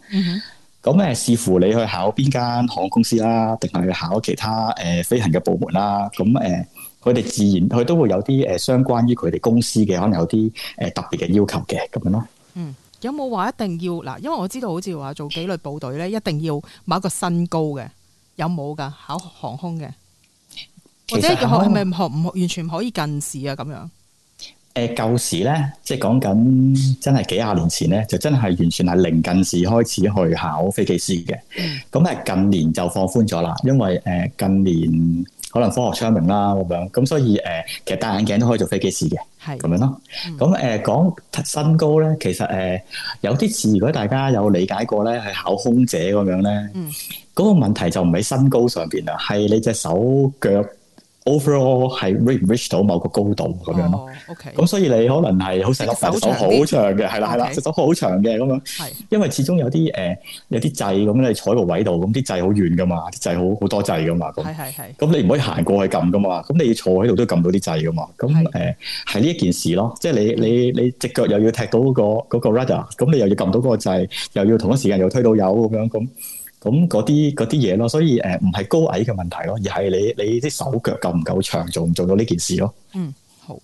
Speaker 4: 咁誒、mm hmm. 視乎你去考邊間航空公司啦，定係去考其他誒、呃、飛行嘅部門啦。咁誒，佢、呃、哋自然佢都會有啲誒相關於佢哋公司嘅可能有啲誒特別嘅要求嘅咁樣咯。嗯、mm。
Speaker 1: Hmm. 有冇話一定要嗱？因為我知道好似話做紀律部隊咧，一定要某一個身高嘅，有冇噶考航空嘅？
Speaker 4: 或者學係咪
Speaker 1: 學唔學？完全唔可以近視啊？咁樣？
Speaker 4: 誒，舊時咧，即係講緊真係幾廿年前咧，就真係完全係零近視開始去考飛機師嘅。咁係近年就放寬咗啦，因為誒近年。可能科學昌明啦咁樣，咁所以誒、呃，其實戴眼鏡都可以做飛機師嘅，係咁是樣咯。咁誒、嗯呃、講身高咧，其實誒、呃、有啲似，如果大家有理解過咧，係考空姐咁樣咧，嗰、嗯、個問題就唔喺身高上邊喇，係你隻手腳。Overall 係 reach 到某個高度咁、哦 okay, 樣咯，咁所以你可能係好細粒，隻手好長嘅，係啦係啦，隻 okay, 手好長嘅咁樣，的因為始終有啲誒、呃、有啲掣咁咧，你坐個位度咁啲掣好遠噶嘛，啲掣好好多掣噶嘛，咁你唔可以行過去撳噶嘛，咁你要坐喺度都撳到啲掣噶嘛，咁誒係呢一件事咯，即係你你你隻腳又要踢到嗰、嗰個 rudder 咁你又要撳到嗰個掣，又要同一時間又推到油咁樣咁。咁嗰啲啲嘢咯，所以誒唔係高矮嘅問題咯，而係你你啲手腳夠唔夠長，做唔做到呢件事咯。嗯，
Speaker 1: 好。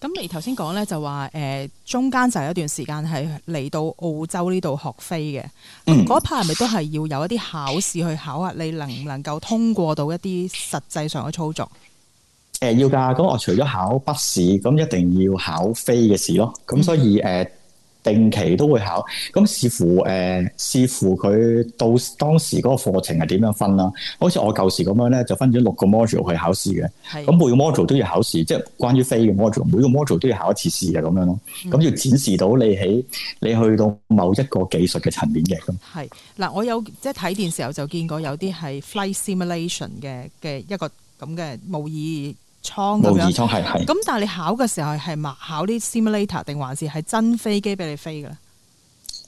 Speaker 1: 咁你頭先講咧就話誒、呃、中間就有一段時間係嚟到澳洲呢度學飛嘅。嗰一排係咪都係要有一啲考試去考下你能唔能夠通過到一啲實際上嘅操作？誒、嗯，
Speaker 4: 嗯嗯、要噶。咁我除咗考筆試，咁一定要考飛嘅試咯。咁所以誒。嗯嗯定期都會考，咁視乎誒、呃、視乎佢到當時嗰個課程係點樣分啦。好似我舊時咁樣咧，就分咗六個 module 去考試嘅。咁的每個 module 都要考試，即係關於飛嘅 module，每個 module 都要考一次試嘅咁樣咯。咁要展示到你喺你去到某一個技術嘅層面嘅咁。
Speaker 1: 係嗱、嗯，我有即係睇電視後就見過有啲係 flight simulation 嘅嘅一個咁嘅模擬。艙咁樣，咁但係你考嘅時候係咪考啲 simulator 定還是係真飛機畀你飛嘅咧？
Speaker 4: 誒、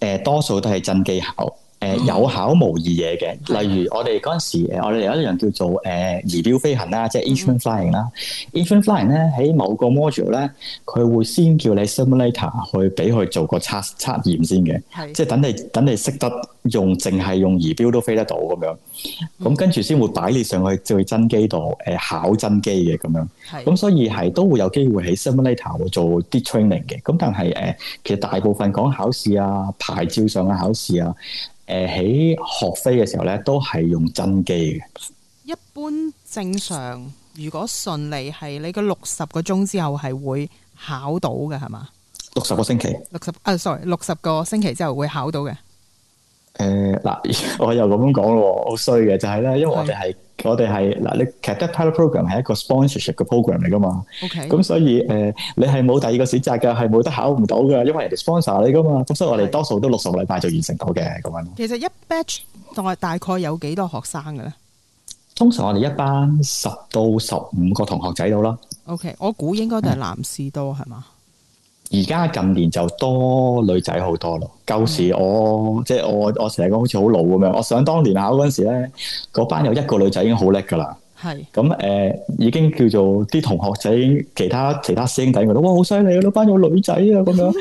Speaker 4: 呃，多數都係真機考。誒、呃，有考模擬嘢嘅，例如我哋嗰陣時，我哋有一樣叫做誒儀表飛行啦，即係 instrument、嗯、flying 啦。instrument flying 咧喺某個 module 咧，佢會先叫你 simulator 去俾佢做個測測驗先嘅，係是即係等你等你識得用，淨係用儀表都飛得到咁樣。咁跟住先會擺你上去去真機度誒考真機嘅咁樣。係咁是，所以係都會有機會喺 simulator 做啲 training 嘅。咁但係誒、呃，其實大部分講考試啊、牌照上嘅考試啊。.誒，喺學飛嘅時候咧，都係用真機嘅。
Speaker 1: 一般正常，如果順利，係你個六十個鐘之後係會考到嘅，係嘛？
Speaker 4: 六十個星期，
Speaker 1: 六十啊，sorry，六十個星期之後會考到嘅。
Speaker 4: 誒，嗱、呃，我又咁樣講咯，好衰嘅就係咧，因為我哋係的我哋係嗱，你 Cadet Pilot Program 係一個 sponsorship 嘅 program 嚟噶嘛，OK，咁所以誒、呃，你係冇第二個選擇噶，係冇得考唔到噶，因為人哋 sponsor 你噶嘛，咁所以我哋多數都六十個禮拜就完成到嘅咁樣。
Speaker 1: 其實一 batch 同埋，大概有幾多學生嘅咧？
Speaker 4: 通常我哋一班十到十五個同學仔到啦。
Speaker 1: OK，我估應該都係
Speaker 4: 男士多係嘛？的而家近年就多女仔，就是，好多咯，舊時我即係我我成日講好似好老咁樣，我想當年考嗰陣時咧，嗰班有一個女仔已經好叻噶啦。係咁誒，已經叫做啲同學仔，其他其他師兄弟覺得哇好犀利啊，班有女仔啊咁樣。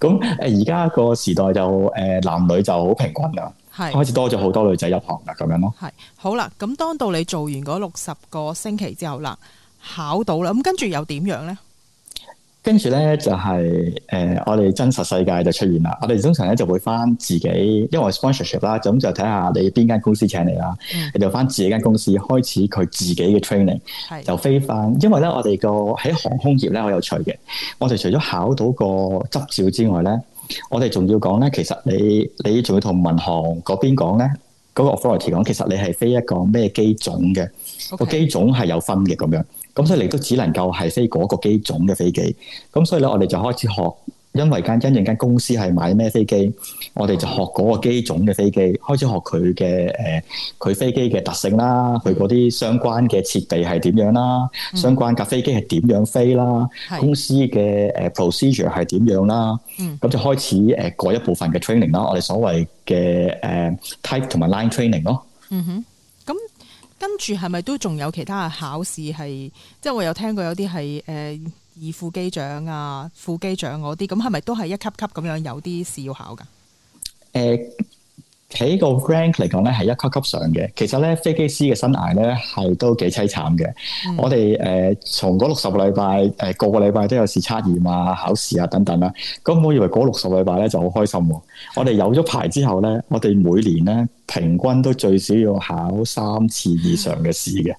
Speaker 4: 咁誒、 嗯，而家個時代就誒、呃、男女就好平均啦，是開始多咗好多女仔入行啦，咁樣咯。係
Speaker 1: 好啦，咁當到你做完嗰六十個星期之後啦，考到啦，咁跟住又點樣咧？
Speaker 4: 跟住咧就係、是、誒、呃，我哋真實世界就出現啦。我哋通常咧就會翻自己，因為 sponsorship 啦，咁就睇下你邊間公司請你啦、啊，你就翻自己間公司開始佢自己嘅 training，是就飛翻。因為咧我哋個喺航空業咧好有趣嘅，我哋除咗考到個執照之外咧，我哋仲要講咧，其實你你仲要同民航嗰邊講咧，嗰、那個 authority 講，其實你係飛一個咩機種嘅，Okay. 個機種係有分嘅咁樣。咁所以你都只能夠係飛嗰個機種嘅飛機，咁所以咧我哋就開始學，因為間真正間公司係買咩飛機，我哋就學嗰個機種嘅飛機，開始學佢嘅誒佢飛機嘅特性啦，佢嗰啲相關嘅設備係點樣啦，相關架飛機係點樣飛啦，mm hmm. 公司嘅誒 procedure 係點樣啦，咁、mm hmm. 就開始誒嗰一部分嘅 training 啦，我哋所謂嘅誒 type 同埋 line training 咯。嗯哼、
Speaker 3: mm。Hmm.
Speaker 1: 跟住係咪都仲有其他嘅考試係？即係我有聽過有啲係誒二副機長啊、副機長嗰啲，咁係咪都係一級級咁樣有啲試要
Speaker 4: 考㗎？誒、呃。喺個 rank 嚟講咧，係一級級上嘅。其實咧，飛機師嘅生涯咧係都幾凄慘嘅。嗯、我哋誒，從嗰六十個禮拜，誒、呃，個個禮拜都有試測驗啊、考試啊等等啦、啊。咁我以為嗰六十個禮拜咧就好開心、啊。我哋有咗牌之後咧，我哋每年咧平均都最少要考三次以上嘅試嘅，嗯、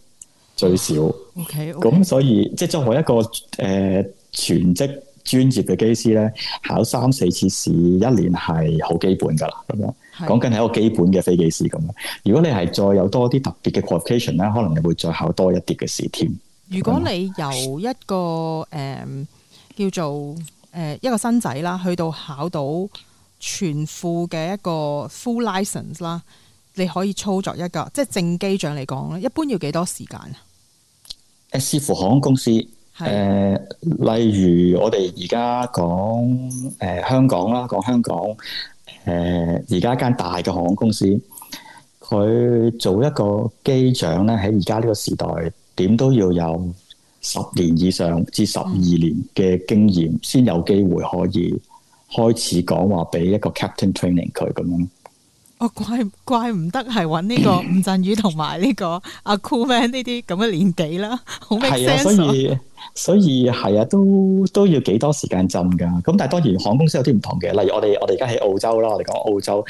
Speaker 4: 最少。OK、嗯。咁、okay, okay. 所以即係作為一個誒、呃、全職專業嘅機師咧，考三四次試一年係好基本噶啦。咁樣。講緊係一個基本嘅飛機師咁。如果你係再有多啲特別嘅 qualification 咧，可能你會再考多一啲嘅試添。
Speaker 1: 如果你由一個誒、呃、叫做誒、呃、一個新仔啦，去到考到全副嘅一個 full license 啦，你可以操作一個，即係正機長嚟講咧，一般要幾多時間啊？
Speaker 4: 誒，視乎航空公司。係的。誒、呃，例如我哋而家講誒香港啦，講香港。誒，而、呃、家一間大嘅航空公司，佢做一個機長咧，喺而家呢個時代，點都要有十年以上至十二年嘅經驗，先、嗯、有機會可以開始講話俾一個 Captain Training 佢咁樣。
Speaker 1: 哦，怪怪唔得係搵呢個吳鎮宇同埋呢個阿 Cool Man 呢啲咁嘅年紀啦，好 make sense, s
Speaker 4: 所以係啊，都都要幾多時間浸㗎。咁但係當然，航空公司有啲唔同嘅。例如我哋我哋而家喺澳洲啦，我哋講澳洲。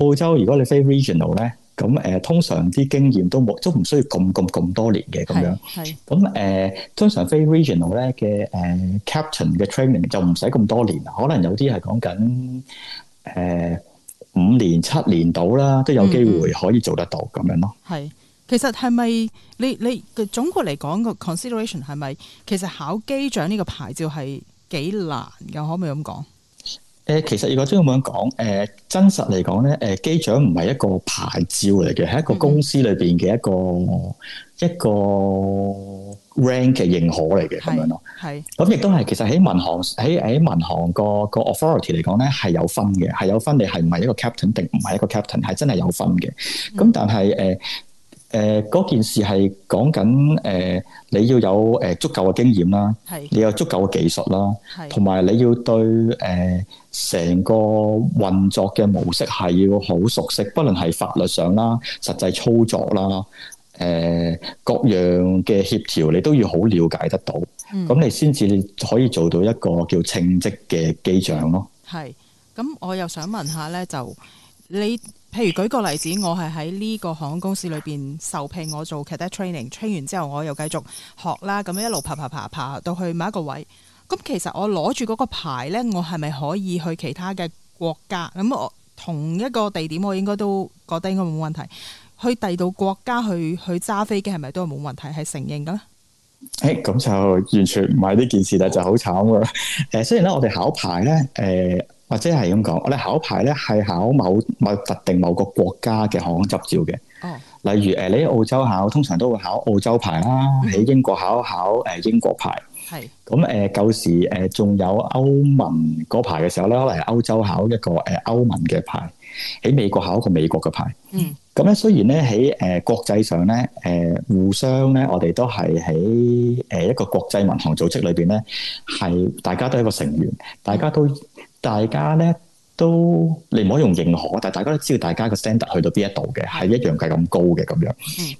Speaker 4: 澳洲如果你飛 Regional 咧，嗯，咁誒通常啲經驗都冇，都唔需要咁咁咁多年嘅咁樣。係。咁誒，通常飛 Regional 咧嘅誒 Captain 嘅 training 就唔使咁多年，可能有啲係講緊誒五年七年到啦，都有機會可以做得到咁樣咯。係。
Speaker 1: 其實係咪你你個總括嚟講個 consideration 係咪？其實考機長呢個牌照係幾難噶，可唔可以咁講？誒、
Speaker 4: 呃，其實如果專業咁講，誒、呃，真實嚟講咧，誒、呃，機長唔係一個牌照嚟嘅，係一個公司裏邊嘅一個的一個 rank 嘅認可嚟嘅咁樣咯。係咁的亦都係，其實喺民航喺喺民航個個 authority 嚟講咧，係有分嘅，係有分你係唔係一個 captain，定唔係一個 captain，係真係有分嘅。咁、嗯、但係誒。呃誒嗰件事係講緊誒，你要有誒足夠嘅經驗啦，係，你有足夠嘅技術啦，同埋你要對誒成個運作嘅模式係要好熟悉，不論係法律上啦、實際操作啦、誒各樣嘅協調，你都要好了解得到。咁你先至可以做到一個叫稱職嘅機長咯。
Speaker 1: 係，咁我又想問下咧，就你。譬如舉個例子，我係喺呢個航空公司裏邊受聘，我做 cadet training，train 完之後，我又繼續學啦，咁一路爬爬爬爬，爬，爬到去某一個位。咁其實我攞住嗰個牌呢，我係咪可以去其他嘅國家？咁我同一個地點，我應該都覺得應該冇問題。去第度國家去去揸飛機，係咪都冇問題？係承認嘅咧？
Speaker 4: 誒、欸，咁就完全唔係呢件事咧，就好慘喎。誒、欸，雖然咧，我哋考牌呢。誒、欸。或者係咁講，我哋考牌咧係考某某特定某個國家嘅航空執照嘅。Oh. 例如誒你喺澳洲考，通常都會考澳洲牌啦；喺英國考考誒英國牌。係咁誒，舊時誒仲有歐盟嗰牌嘅時候咧，可能係歐洲考一個誒歐盟嘅牌；喺美國考一個美國嘅牌。嗯，咁咧雖然咧喺誒國際上咧誒互相咧，我哋都係喺誒一個國際民航組織裏邊咧，係大家都係一個成員，大家都。大家咧都你唔可以用認可，但係大家都知道，大家個 standard 去到邊一度嘅係一樣計咁高嘅咁樣。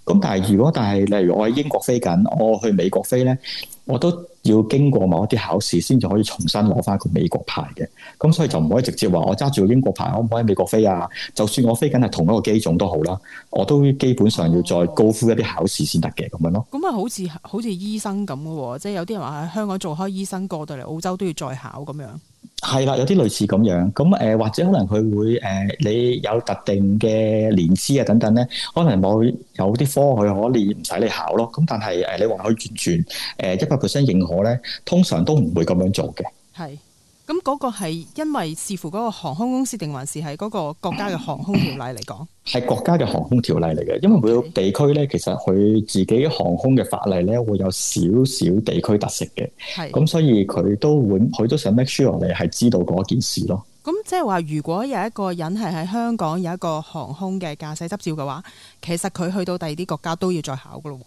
Speaker 4: 咁但係如果但係例如我喺英國飛緊，我去美國飛咧，我都要經過某一啲考試先至可以重新攞翻個美國牌嘅。咁所以就唔可以直接話我揸住個英國牌可唔可以美國飛啊？就算我飛緊係同一個機種都好啦，我都基本上要再高呼一啲考試先得嘅咁樣咯。
Speaker 1: 咁啊，好似好似醫生咁嘅喎，即係有啲人話喺香港做開醫生過到嚟澳洲都要再考咁樣。
Speaker 4: 係啦，有啲類似咁樣，咁誒或者可能佢會誒、呃、你有特定嘅年資啊等等咧，可能我有啲科佢可以唔使你考咯，咁但係誒、呃、你話佢完全誒一百 percent 認可咧，通常都唔會咁樣做嘅。
Speaker 1: 係。咁嗰個係因為視乎嗰個航空公司定還是係嗰個國家嘅航空條例嚟講？
Speaker 4: 係國家嘅航空條例嚟嘅。因為每個地區咧，其實佢自己航空嘅法例咧會有少少地區特色嘅。係咁是，所以佢都會佢都想 make sure 你係知道嗰件事咯。
Speaker 1: 咁即係話，如果有一個人係喺香港有一個航空嘅駕駛執照嘅話，其實佢去到第二啲國家都要再考噶咯。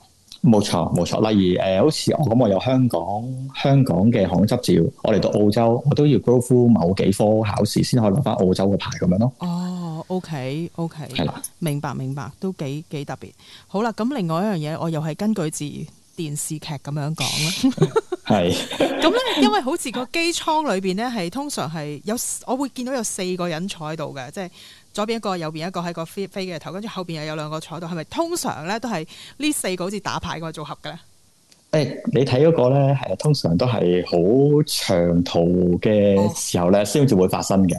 Speaker 4: 冇錯，冇錯，例如誒，好似、呃、我咁話有香港香港嘅航執照，我嚟到澳洲，我都要過翻某幾科考試先可以攞翻澳洲嘅牌咁樣咯。哦
Speaker 1: ，OK，OK，係啦的，明白明白，都幾幾特別。好啦，咁另外一樣嘢，我又係根據自電視劇咁樣講啦。
Speaker 4: 係 是。
Speaker 1: 咁咧， 因為好似個機艙裏邊咧，係通常係有我會見到有四個人坐喺度嘅，即係。左邊一個，右邊一個喺個飛飛嘅頭，跟住後邊又有兩個坐度，係咪通常咧都係呢四個好似打牌咁樣組合嘅咧？
Speaker 4: 誒、哎，你睇嗰個咧係通常都係好長途嘅時候咧先至會發生嘅。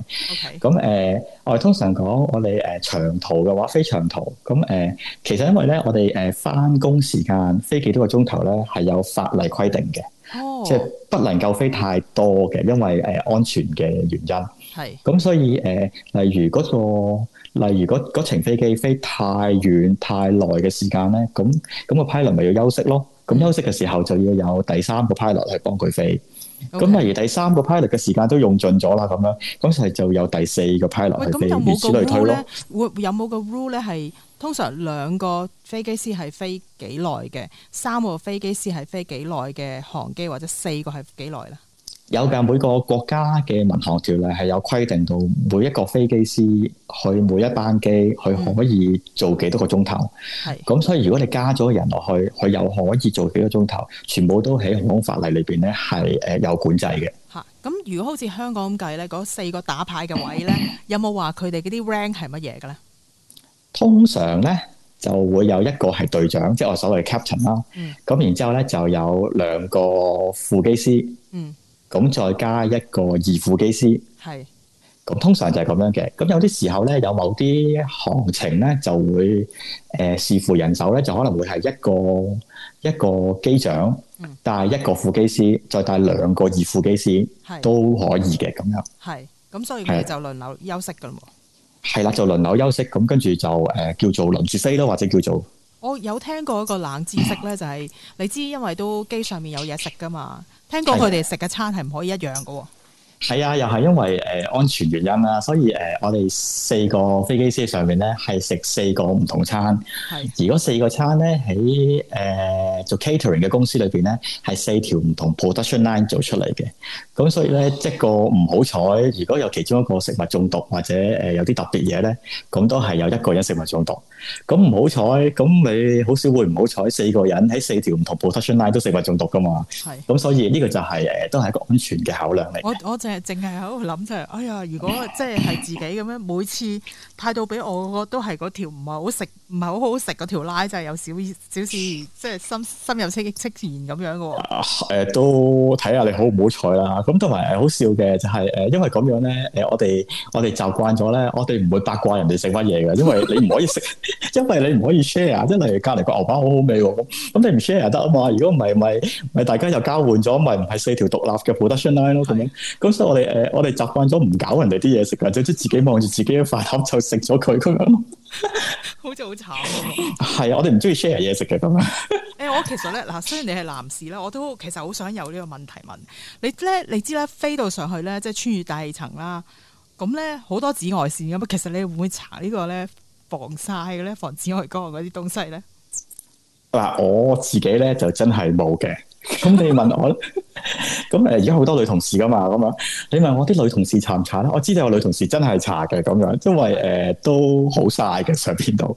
Speaker 4: 咁誒、哦 okay. 呃，我哋通常講我哋誒長途嘅話飛長途，咁誒、呃、其實因為咧我哋誒翻工時間飛幾多個鐘頭咧係有法例規定嘅。哦，即係不能夠飛太多嘅，因為誒、呃、安全嘅原因。係是，咁所以誒、呃，例如嗰、那個，例如嗰程飛機飛太遠太耐嘅時間咧，咁咁、那個 pilot 咪要休息咯。咁休息嘅時候就要有第三個 pilot 嚟幫佢飛，咁例 Okay. 如第三個 pilot 嘅時間都用盡咗啦，咁樣咁就係就有第四個 pilot 嚟。咁如此類推
Speaker 1: 囉，會有冇個 rule 咧？係通常兩個飛機師係飛幾耐嘅，三個飛機師係飛幾耐嘅航機，或者四個係幾耐咧？
Speaker 4: 有嘅，每個國家嘅民航條例係有規定到每一個飛機師去每一班機，佢、嗯、可以做幾多個鐘頭，係咁是所以如果你加咗人落去，佢又可以做幾多鐘頭，全部都喺航空法例裏邊咧，係誒有管制嘅。
Speaker 1: 吓咁、嗯、如果好似香港咁計咧，嗰四個打牌嘅位咧， 有冇話佢哋嗰啲 rank 係乜嘢嘅咧？
Speaker 4: 通常咧就會有一個係隊長，即係我所謂 captain 啦、嗯。咁然之後咧就有兩個副機師。嗯。咁再加一個二副機師，係，咁通常就係咁樣嘅。咁有啲時候咧，有某啲行程咧，就會誒視乎人手咧，就可能會係一個一個機長，帶一個副機師，再帶兩個二副機師，係都可以嘅咁樣。
Speaker 1: 係，咁所以就輪流休息
Speaker 4: 噶啦嘛。係啦，就輪流休息，咁跟住就誒叫做輪住飛咯，或者叫做。
Speaker 1: 我有聽過一個冷知識咧，就係、是、你知，因為都機上面有嘢食噶嘛，聽講佢哋食嘅餐係唔可以一樣嘅
Speaker 4: 喎。係啊，又係因為誒安全原因啦，所以誒我哋四個飛機師上面咧係食四個唔同餐。係的。而嗰四個餐咧喺誒做 catering 嘅公司裏邊咧係四條唔同 production line 做出嚟嘅。咁所以咧，一個唔好彩，如果有其中一個食物中毒或者誒有啲特別嘢咧，咁都係有一個人食物中毒。咁唔好彩，咁你好少會唔好彩，四個人喺四條唔同 production line 都食物中毒噶嘛。係的，咁所以呢個就係、是、誒，都係一個安全嘅考量嚟。
Speaker 1: 我我淨係淨係喺度諗就係，哎呀，如果即係係自己咁樣，每次派到俾我，我都係嗰條唔係好食，唔係好好食嗰條拉，就係有少少似即係心心有戚戚然咁樣噶
Speaker 4: 喎。誒、 呃，都睇下你好唔好彩啦。咁同埋好笑嘅就係、是、誒、呃，因為咁樣咧，誒、呃，我哋我哋習慣咗咧，我哋唔會八卦人哋食乜嘢噶，因為你唔可以食。 因為你唔可以 share，即係例如隔籬個牛扒好好味，咁你唔 share 得啊嘛？如果唔係，咪咪大家又交換咗，咪唔係四條獨立嘅 production line 咯咁是樣。咁所以我哋誒、呃，我哋習慣咗唔搞人哋啲嘢食，或者即自己望住自己嘅飯盒就食咗佢咁樣。 好似好慘。係啊，我哋唔中意 share 嘢食嘅咁樣。
Speaker 1: 誒、 欸，我其實咧，嗱，雖然你係男士咧，我都其實好想有呢個問題問你咧，你知啦，飛到上去咧，即係穿越大氣層啦，咁咧好多紫外線咁，其實你會唔會搽個呢個咧？防曬嘅咧，防紫外光嗰啲東西咧，
Speaker 4: 嗱，我自己咧就真係冇嘅。咁你問我，咁誒而家好多女同事噶嘛，咁啊，你問我啲女同事搽唔搽咧？我知道有女同事真係搽嘅，咁樣，因為誒、呃、都好曬嘅上邊度。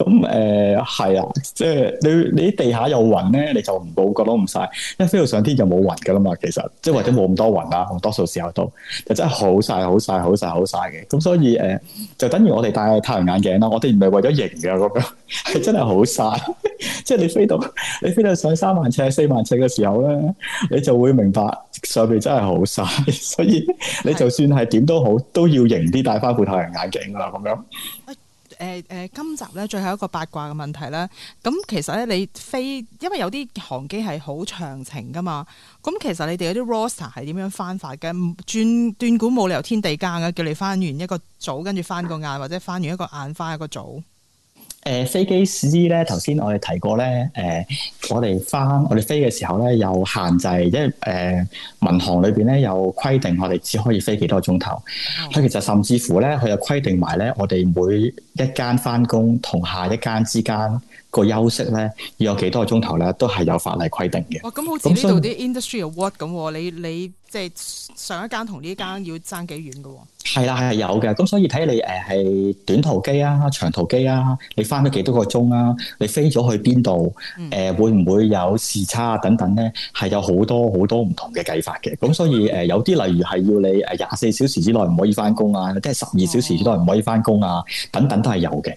Speaker 4: 咁誒係啊，即係你你地下有雲咧，你就唔冇覺得唔曬，因為飛到上天就冇雲噶啦嘛。其實即係或者冇咁多雲啦，啊，多數時候都就真係好曬好曬好曬好曬嘅。咁所以誒、呃，就等於我哋戴太陽眼鏡啦。我哋唔係為咗型嘅咁樣，係真係好曬。 即係你飛到你飛到上三萬尺，四萬尺嘅時候咧，你就會明白上邊真係好曬。所以你就算係點都好，都要型啲戴翻副太陽眼鏡噶啦，咁樣。
Speaker 1: 誒誒、呃，今集咧最後一個八卦嘅問題咧，咁其實咧你飛，因為有啲航機係好長程噶嘛，咁其實你哋嗰啲 roster 係點樣翻法嘅？轉斷估冇理由天地更噶、啊，叫你翻完一個早，跟住翻個晏，或者翻完一個晏翻一個早。
Speaker 4: 誒、呃、飛機師咧，頭先我哋提過咧，誒、呃、我哋返我哋飛嘅時候咧有限制，因為誒、呃、民航裏邊咧有規定，我哋只可以飛幾多鐘頭。佢其實甚至乎咧，佢有規定埋咧，我哋每一間返工同下一間之間。個休息咧要有幾多個鐘頭咧，都係有法例規定嘅。
Speaker 1: 咁、哦、好似呢度啲 industry award 咁，你你即係上一間同呢間要爭幾遠噶？
Speaker 4: 係啦，係有嘅。咁所以睇你誒係短途機啊、長途機啊，你翻咗幾多個鐘啊？你飛咗去邊度？誒、呃，會唔會有時差啊？等等咧，係有好多好多唔同嘅計法嘅。咁所以誒，有啲例如係要你誒廿四小時之內唔可以翻工啊，即係十二小時之內唔可以翻工啊，哦、等等都係有嘅。